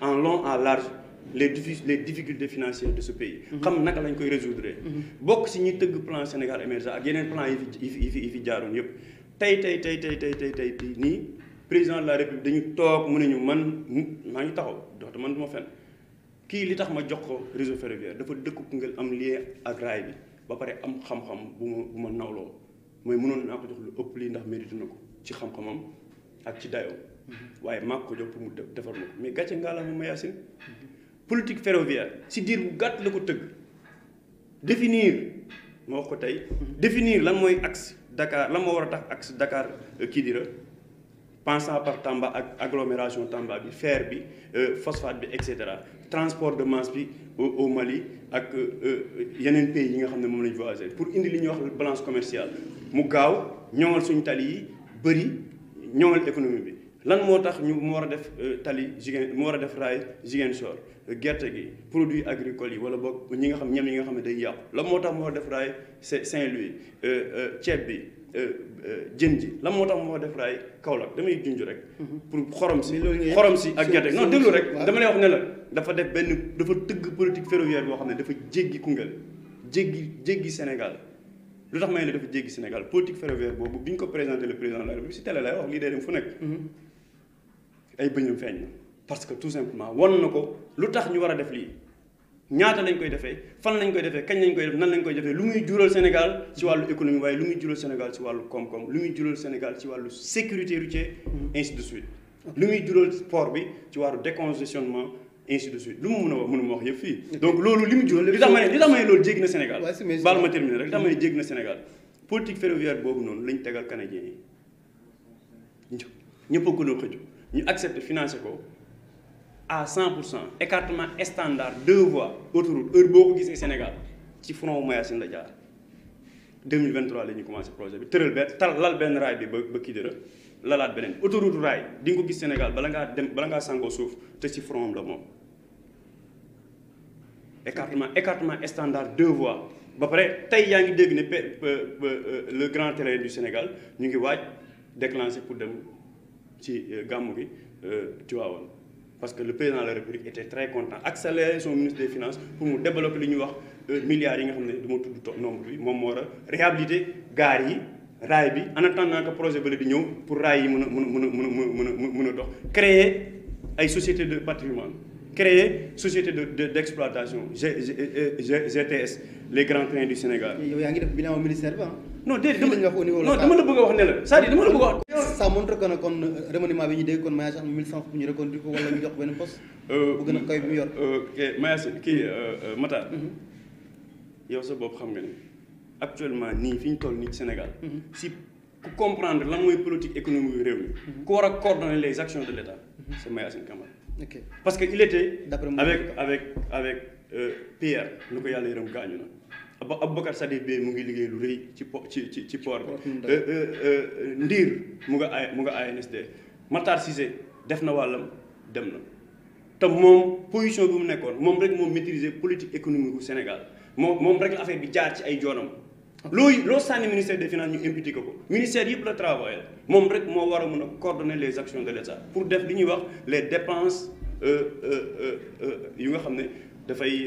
en lon en large les diffi les difficultés financières de ce pays. Mm-hmm. xam naka lañ koy résoudre. Mm-hmm. bokk si ñu tëgg plan Sénégal émergent ak yeneen plan yi fi yi fi yi fi jaaroon yëpp tey tey tey tey tey tey tey nii président de la république dañu toog mu ne ñu man maa ngi taxaw dox man du ma fenn. kii li tax ma jox ko réseau ferroviaire dafa dëkku Koungheul am lien ak raay bi ba pare am xam-xam bu ma bu ma nawloo mooy mënoon naa ko jox lu ëpp lii ndax mérite na ko ci xam-xamam ak ci dayoo mm-hmm. waaye maa ko jox pour mu defar ma ko mais gàcce ngaalaama ma yaasin politique ferroviaire si diir bu gàtt la ko tëgg définir ma wax ko tey mm-hmm. définir lan mooy axe Dakar lan moo war a tax axe Dakar euh, Kidira pensant par Tamba ak agglomération Tamba bi fer bi euh, phosphate bi et cetera transport de masse bi au Mali ak euh, euh, yeneen pays yi nga xam ne moom la ñu voyagé pour indi li ñuy wax balance commerciale mu gaaw ñoŋal suñu tali yi bëri ñoŋal économie bi lan moo tax ñu mu war a def euh, tali Ziguinchor mu war a def raay Ziguinchor gerte gi produit agricoles yi wala boog ñi nga xam ñam yi nga xam ne day yàqu lan moo tax moo war a def raay Saint-Louis ceeb bi. Euh, euh, jën ji la moo tax moo def raay Kaolack damay junj rek. Mhm. pour xorom si xorom si ak gerte non déglu rek dama lay wax ne la dafa def benn dafa tëgg politique ferroviaire boo xam ne dafa jéggi Koungheul jéggi jéggi Sénégal lu tax may ne dafa jéggi Sénégal politique ferroviaire boobu bi ñu ko présenté le président de la République si télé lay wax lii day dem fu nekk. Mhm. ay bëñam feeñ na parce que tout simplement won na ko lu tax ñu war a def lii. ñaata lañ koy defee fan lañ koy defee kañ lañ koy def nan lañ koy defee lu muy jural Sénégal ci wàllu économie waaye lu muy jural Sénégal ci wàllu koom-koom lu muy jural Sénégal ci wàllu sécurité routière mm-hmm. ainsi de suite lu muy jural sport bi ci wàllu décongestionnement ainsi de suite lu mu mën a wax mënu ma wax yëpp fii donc loolu li mu jural li tax ma ne li tax ma ne loolu jéggi na Sénégal baal ma terminer rek li tax ma ne mm-hmm. jéggi na Sénégal politique ferroviaire boobu noonu tegal canadiens yi ñëpp ko doon ñu accepté financé ko à cent pour cent écartement standard deux voies autoroute heure boo ko gisee Sénégal ci front Mayacine la jaar 2023 la ñu commencé projet bi tëral benn tal lal benn raay bi ba ba Kidira lalaat beneen autoroute raay di nga ko gis Sénégal bala ngaa dem bala ngaa sangoo suuf te ci front la moom. écartement écartement standard deux voies ba pare tey yaa ngi dégg ne euh, le grand terrain du Sénégal ñu ngi waaj déclenché pour dem ci euh, gàmmu gi euh, Tivaouane. parce que le président de la République était très content accélérer son ministre des finances pour mu développer li ñuy wax euh, milliards yi nga xam ne du ma tudd nombre bi moom moo war a yi raay bi en attendant que projet di ñëw pour raay yi mën a mën a mën a mën a mën a dox créer ay société de patrimoine créer société de de exploitation G GTS euh, les grands trains du Sénégal. yow yaa ngi def bilan au ministère ba non déedéet dama la bëgg a wax ne la cest dama la bëgg a wax. ça montre que ne kon euh, remaniement bi ñu dégg kon maillage am 1100 mu yor. Euh, maillage kii euh, Matar. Mhm. yow sa bopp xam nga ni actuellement nii fi ñu toll nii Sénégal. Mhm. si ku comprendre lan mooy politique économique yu réew mi. Mhm. ku war a coordonner les actions de l' État. c' est Mayacine Camara. ok parce que il était. d' après avec avec avec Pierre lu ko yàlla yërëm gaañu na. Aboubacar Sadikh Bèye mu ngi liggéey lu rëy ci po ci ci ci port bi. Euh, euh, euh, Ndiir mu nga ay mu nga ANSD Matar Cissé def na wàllam dem na. te moom position bi mu nekkoon moom rek moo maîtriser politique économique bu Sénégal moom moom rek la affaire bi jaar ci ay joonam. looy loo sànni ministère des finances ñu impliqué ko ministère yëpp la travaillé moom rek moo war a mun a coordonner les actions de l'État pour def li ñuy wax les dépenses yu nga xam ne dafay.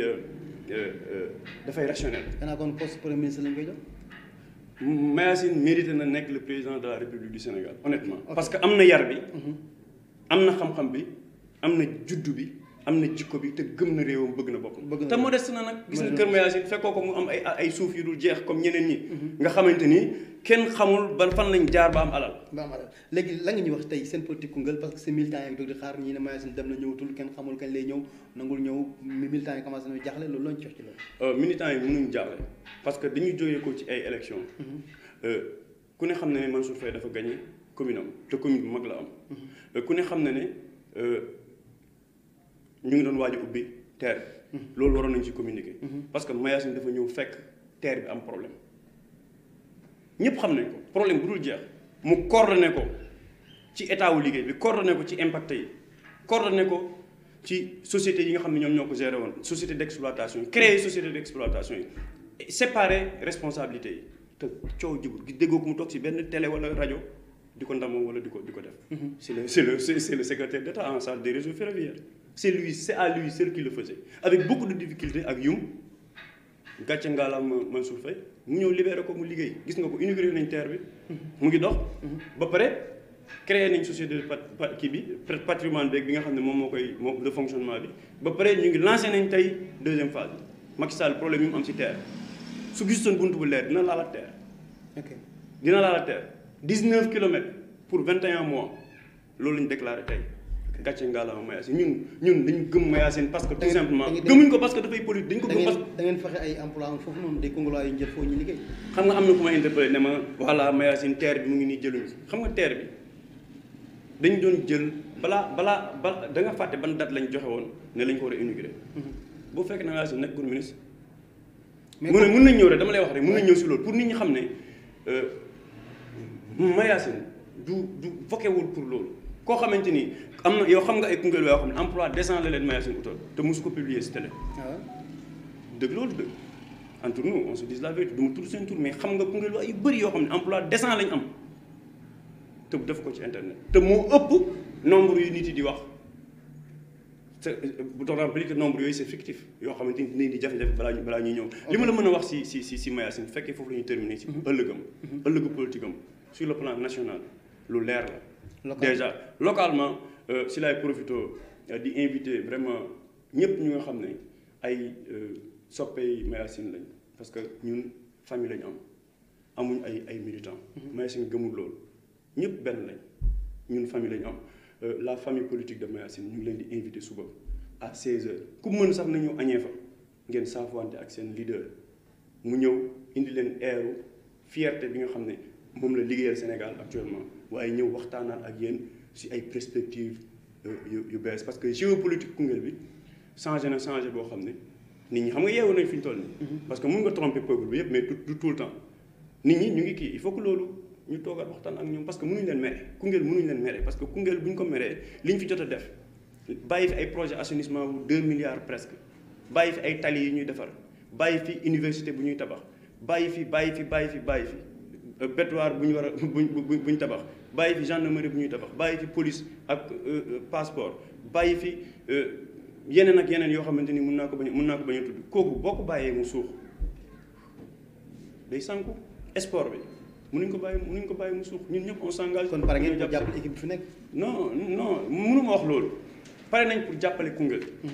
Euh, euh, dafay rationnel. xanaa kon poste premier ministre lañ koy jox. Mayacine mérite na nekk le président de la république du Sénégal honnêtement. parce que am na yar bi. Mhm. am na xam-xam bi am na juddu bi. am na jikko bi te gëm na réewam bëgg na boppam. bëgg na te modeste na nag gis nga Kër Mayacine fekkoo ko mu am ay suuf yu dul jeex comme ñeneen ñi. Mhm. nga xamante ni kenn xamul ban fan lañ jaar ba am alal. ba am alal léegi la nga ñuy wax tey seen politique Koungheul parce que seen militant yi doog di xaar ñii ne Mayacine dem na ñëwatul kenn xamul kañ lay ñëw nangul ñëw militant yi commencé nañu jaaxle loolu lañ jox ci loolu. Euh, militant yi mënuñu jaaxle parce que dañuy jógee ko mhm. euh, ku ne xam na ne Mansour Faye dafa gagné commune am te commune la am. Mhm. Euh, xam na ne ñu ngi doon waaj a ubbi terre bi. Mhm. loolu waroon nañ ci communiquer. Mhm. parce que Mayacine dafa ñëw fekk terre bi am problème ñëpp xam nañ ko problème bu dul jeex mu coordonné ko ci état wu liggéey bi coordonné ko ci impacte yi coordonné ko ci société yi nga xam ne ñoom ñoo ko géré woon société d' exploitation yi créé société d' exploitation yi séparé responsabilité yi te coow jibul gi déggoo ko mu toog si benn télé wala rajo di ko ndamoo wala di ko def mhm. c'est le c'est le c'est le secrétaire d'État en charge des c'est lui c'est à lui seul qui le faisait avec beaucoup de difficultés ak Youm gàcce ngaalaam Mansour Faye mu ñëw libéré ko mu liggéey gis nga ko inauguré nañ terre bi mu ngi dox ba pare créé nañ société de kii bi patrimoine beeg bi nga xam ne moom moo koy moom le fonctionnement bi ba pare ñu ngi lancé nañ tey deuxième phase bi Macky Sall problème yi mu am si terre su gisoon buntu bu leer dina laal terre dina laal terre dix neuf kilomètres pour vingt et un mois loolu lañ déclaré tey gàcce ngaalama Mayacine ñun ñun dañu gëm Mayacine parce que tout simplement gëmuñ ko parce dafay politique dañ ko gëm parce que da ngeen fexe ay emploi am foofu noonu na ku ma interpellé ne ma voilà Mayacine terre bi mu ngi nii jëluñu xam nga doon jël balaa balaa ba da nga fàtte ban date lañ joxe woon ne lañ ko war a mhm. boo fekk na Mayacine nekkul ministre mu ne mun nañ ñëw rek dama lay wax rek mun nañ ñëw si loolu pour nit ñi xam ne euh, Mayacine du du fokkewul pour loolu koo xamante ni am na yoo xam nga ay kuréel yoo xam ne emploi décent la leen mayal suñu utal te mosu ko publier si télé. waaw ah dëgg loolu dëgg entre nous on se dise la vérité du ma tudd seen tur mais xam nga kuréel yu bëri yoo xam ne emploi décent lañ am te def ko ci internet. te moo ëpp nombre yu nit yi di wax te bu tax rempli que nombre yooyu c'est fictif yoo xamante ni dinañ di jafe-jafe balaa ñu balaa ñëw. li ma la mën a wax si si si si Mayacine bu fekkee foofu la ñuy terminer si mhm. mhm. le plan national lu leer la. déjà localement. Euh, si laay profito euh, di invité vraiment ñëpp ñu nga xam ne ay euh, soppe Mayacine lañ parce que ñun famille lañu am amuñ ay ay militants. Mayacine mhm. gëmul loolu ñëpp benn lañ ñun famille lañu am la famille politique de Mayacine ñu ngi leen di invité suba à 16h ku mën sax nañu añee fa ngeen saafowante ak seen leader mu ñëw indi leen airu fierté bi nga xam ne moom la liggéeyal Sénégal actuellement waaye ñëw waxtaanaat ak yéen. si ay perspectives euh, yu yu bees parce que géopolitique Koungheul bi changé na changé boo xam ne nit ñi xam nga yeewu nañ fi ñu nii. Mm-hmm. parce que mun nga tromper peuple bi yëpp mais du tout le temps nit ñi ñu ngi kii il faut loolu ñu toogaat waxtaan ak ñoom parce que mënuñ leen mere Koungheul mënuñ leen mere parce que Koungheul bu ñu ko meree li ñu fi jot a def bàyyi fi ay projet assainissement wu 2 milliards presque bàyyi fi ay tali yi ñuy defar bàyyi fi université bu ñuy tabax bàyyi fi bàyyi fi bàyyi fi bàyyi fi euh, bétuwaar bu ñu war a bu ñu tabax bàyyi fi gendarmerie bu ñuy tabax bàyyi fi police ak euh, euh, passeport bàyyi fi euh, yeneen ak yeneen yoo xamante ni mun naa ko bañ mun naa ko bañ a tudd kooku boo ko bàyyee mu suux day sànku sport bi mënuñ ko bàyyi mënuñ ko bàyyi mu suux ñun ñëpp on s'engage. kon pare ngeen ko jàppale équipe bi fi nekk. non non mënuma wax loolu pare nañ pour jàppale Koungheul. lu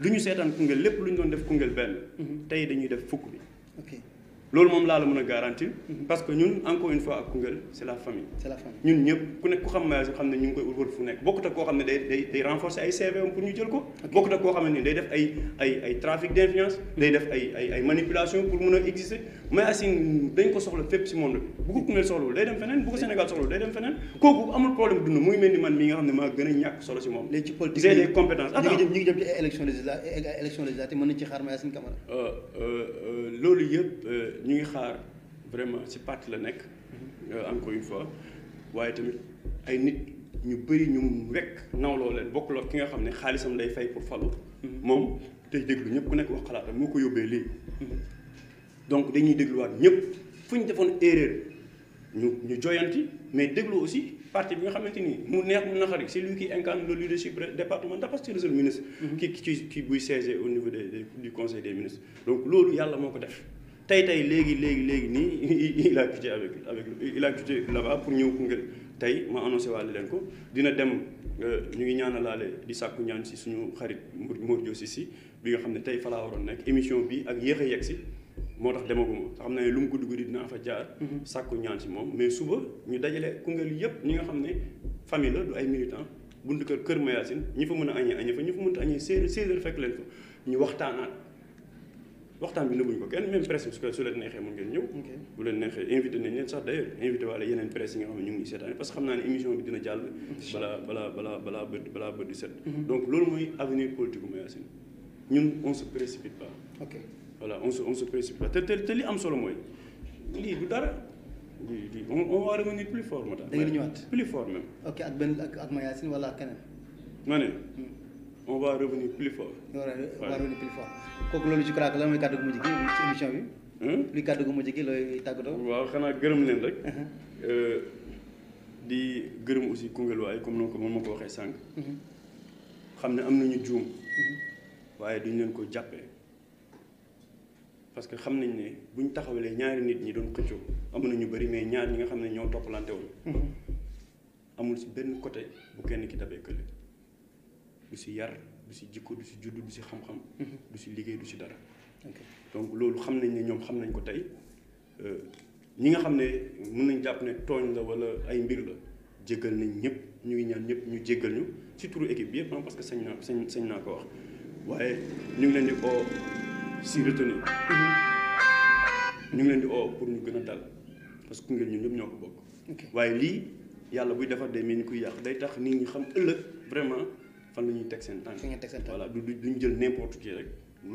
mhm. ñu seetaan Koungheul lépp lu ñu doon def Koungheul benn. Mhm. tey dañuy def fukk bi. loolu moom laa la mën a garantir parce que ñun encore une fois ak Koungheul c' est la famille. c' la famille ñun ñëpp ku nekk ku xam maillage xam ne ñu ngi koy wër fu nekk bokkut ak koo xam ne day day day renforcer ko. xam ne day def ay ay ay trafic d' influence. day def ay ay ay manipulation ko soxla fépp si monde bi bu ko Koungheul soxlawul day dem feneen bu ko Sénégal soxlawul day dem kooku amul problème dund mu mel ni man mi nga xam ne maa gën a ñàkk solo si moom. léegi ci politique yi des compétences. attends ñu euh, euh, euh, loolu yëpp ñu ngi xaar vraiment ci parti la nekk. Euh, encore une fois waaye tamit ay nit ñu bëri ñu rekk nawloo leen bokkuloo ki nga xam ne xaalisam lay fay pour falu. moom tey déglu ñëpp ku nekk wax xalaatam moo ko yóbbee lii. donc dañuy dégluwaat ñëpp fu ñu defoon erreur ñu ñu joyanti mais déglu aussi parti bi nga xamante ni mu neex mu naqari c'est lui qui incarne le leadership départemental parce que c'est le ministre. au niveau des du conseil des donc loolu yàlla moo ko def. tey tey léegi léegi léegi nii il a quitté avec avec il a quitté là-bas pour ñëw Koungheul tey ma annoncé waale leen ko dina dem euh, ñu ngi ñaanalaale di sàkku ñaan si suñu xarit Mor Dio si bi nga xam ne tey falaa waroon nekk émission bi ak yéex a yegg si moo tax demaguma xam na ne lu mu gudd guddi dinaa fa jaar. Mm-hmm. sàkku ñaan si moom mais suba ñu dajale Koungheul yëpp ñi nga xam ne famille la du ay militants buntu kër kër Mayacine ñi fa mën a añee añee fa ñi fa mën a añee séeréer séeréer fekk leen fa ñu waxtaanaat. waxtaan bi nëbuñu ko kenn même presse bi su leen neexee mën ngeen ñëw bu leen neexee invité nañ leen sax d'ailleurs invité waale yeneen presse yi nga xam ne ñu ngi seetaan parce que xam naa ne émission bi dina jàll balaa balaa bët balaa bët set mhm. donc loolu mooy avenir politique u Mayacine ñun on se précipite pas ok voilà on se on se précipite pas te te li am solo mooy lii du dara lii lii on on va revenir plus fort ma tax da ngeen ñëwaat plus fort même ok ak benn ak on va revenir plus fort. on va revenir plus fort kooku loolu je crois que mooy kàddu gu mujj gi ci émission bi. Hmm? luy kàddu gu mujj gi looy tàggatoo. waaw xanaa gërëm leen rek. Uh-huh. Euh, di gërëm aussi Koungheul waaye comme noonu ko moom ma ko waxee sànq. Uh-huh. xam ne am nañu juum. Uh-huh. waaye duñ leen ko jàppee parce que xam nañ ne buñ taxawalee ñaari nit ñi doon xëccoo am na ñu bari mais ñaar ñi nga xam ne ñoo toppalante woon. amul si benn côté bu kenn ki dabee kële. du si yar du si jikko du si juddu du si xam-xam. Mm-hmm. du si liggéey du si dara. donc loolu xam nañ ni ñoom xam nañ ko tey euh, ñi nga xam ne mën nañ jàpp ne tooñ la wala ay mbir la jéggal nañ ñëpp ñu ngi ñaan ñëpp ñu jéggal ñu ci turu yëpp ah parce que sañ naa sañ naa ko wax waaye ñu ngi leen di oo mm-hmm. ñu ngi leen di pour ñu gën a dal parce que Koungheul ñun ñëpp ñoo ko bokk. waaye lii yàlla buy defar day mel ni kuy yàq day tax nit ñi xam ëllëg vraiment. fan la ñuy teg seen tànk. fi nga teg seen tànk voilà du duñ jël n'importe qui rek.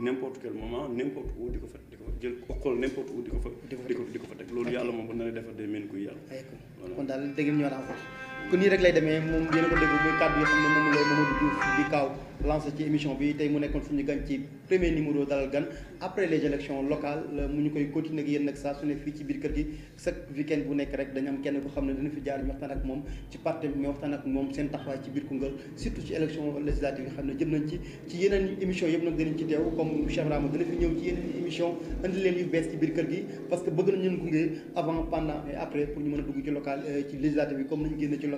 n'importe quel moment n'importe où di ko fa di ko fa jël ko xool di ko fa. di ko fa di ko fa teg loolu yàlla moom bu naree defar day mel kuy yàlla. Ah, voilà kon daal dégg ñu war a am ko dégg di kaaw lancé ci émission bi tey mu nekkoon suñu gan ci premier numéro dalal gan après les élections locales euh, mu ñu koy continuer ak saa su ne fii ci biir kër gi chaque weekend bu nekk rek dañu am kenn ko xam ne dana fi jaar ñu waxtaan ak moom ci parti bi mais waxtaan ak moom seen taxawaay ci biir Koungheul surtout ci élection législative yi xam ne jëm nañ ci ci émission yëpp nag danañ ci teew comme Cheikh Rama dana fi ñëw ci yeneen émission indi leen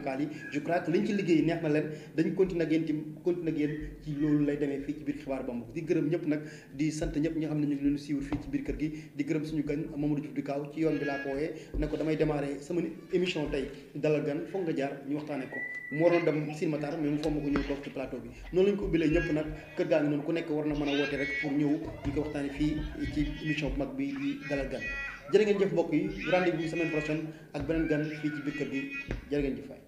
a euh, liggéey neex na leen ci loolu lay demee fii ci biir xibaar bambuk di gërëm ñëpp nag di sant ñëpp ñi xam ne ñu ngi leen suivre fii ci biir kër gi di gërëm suñu gan Mamadou Diouf di kaaw ci yoon bi laa ko wooyee ko damay démarrer sama émission tey dalal gan foog nga jaar ñu waxtaane ko mu waroon dem Sine Matar mais mu foog ma ko ñëw toog ci plateau bi noonu lañ ko ubbilee ñëpp nag kër gaa ngi noonu ku nekk war na mën a woote rek pour ñëw ñu ko waxtaane fii ci émission bu mag bi di dalal gan jërë ci biir kër gi jërë ngeen jëf waay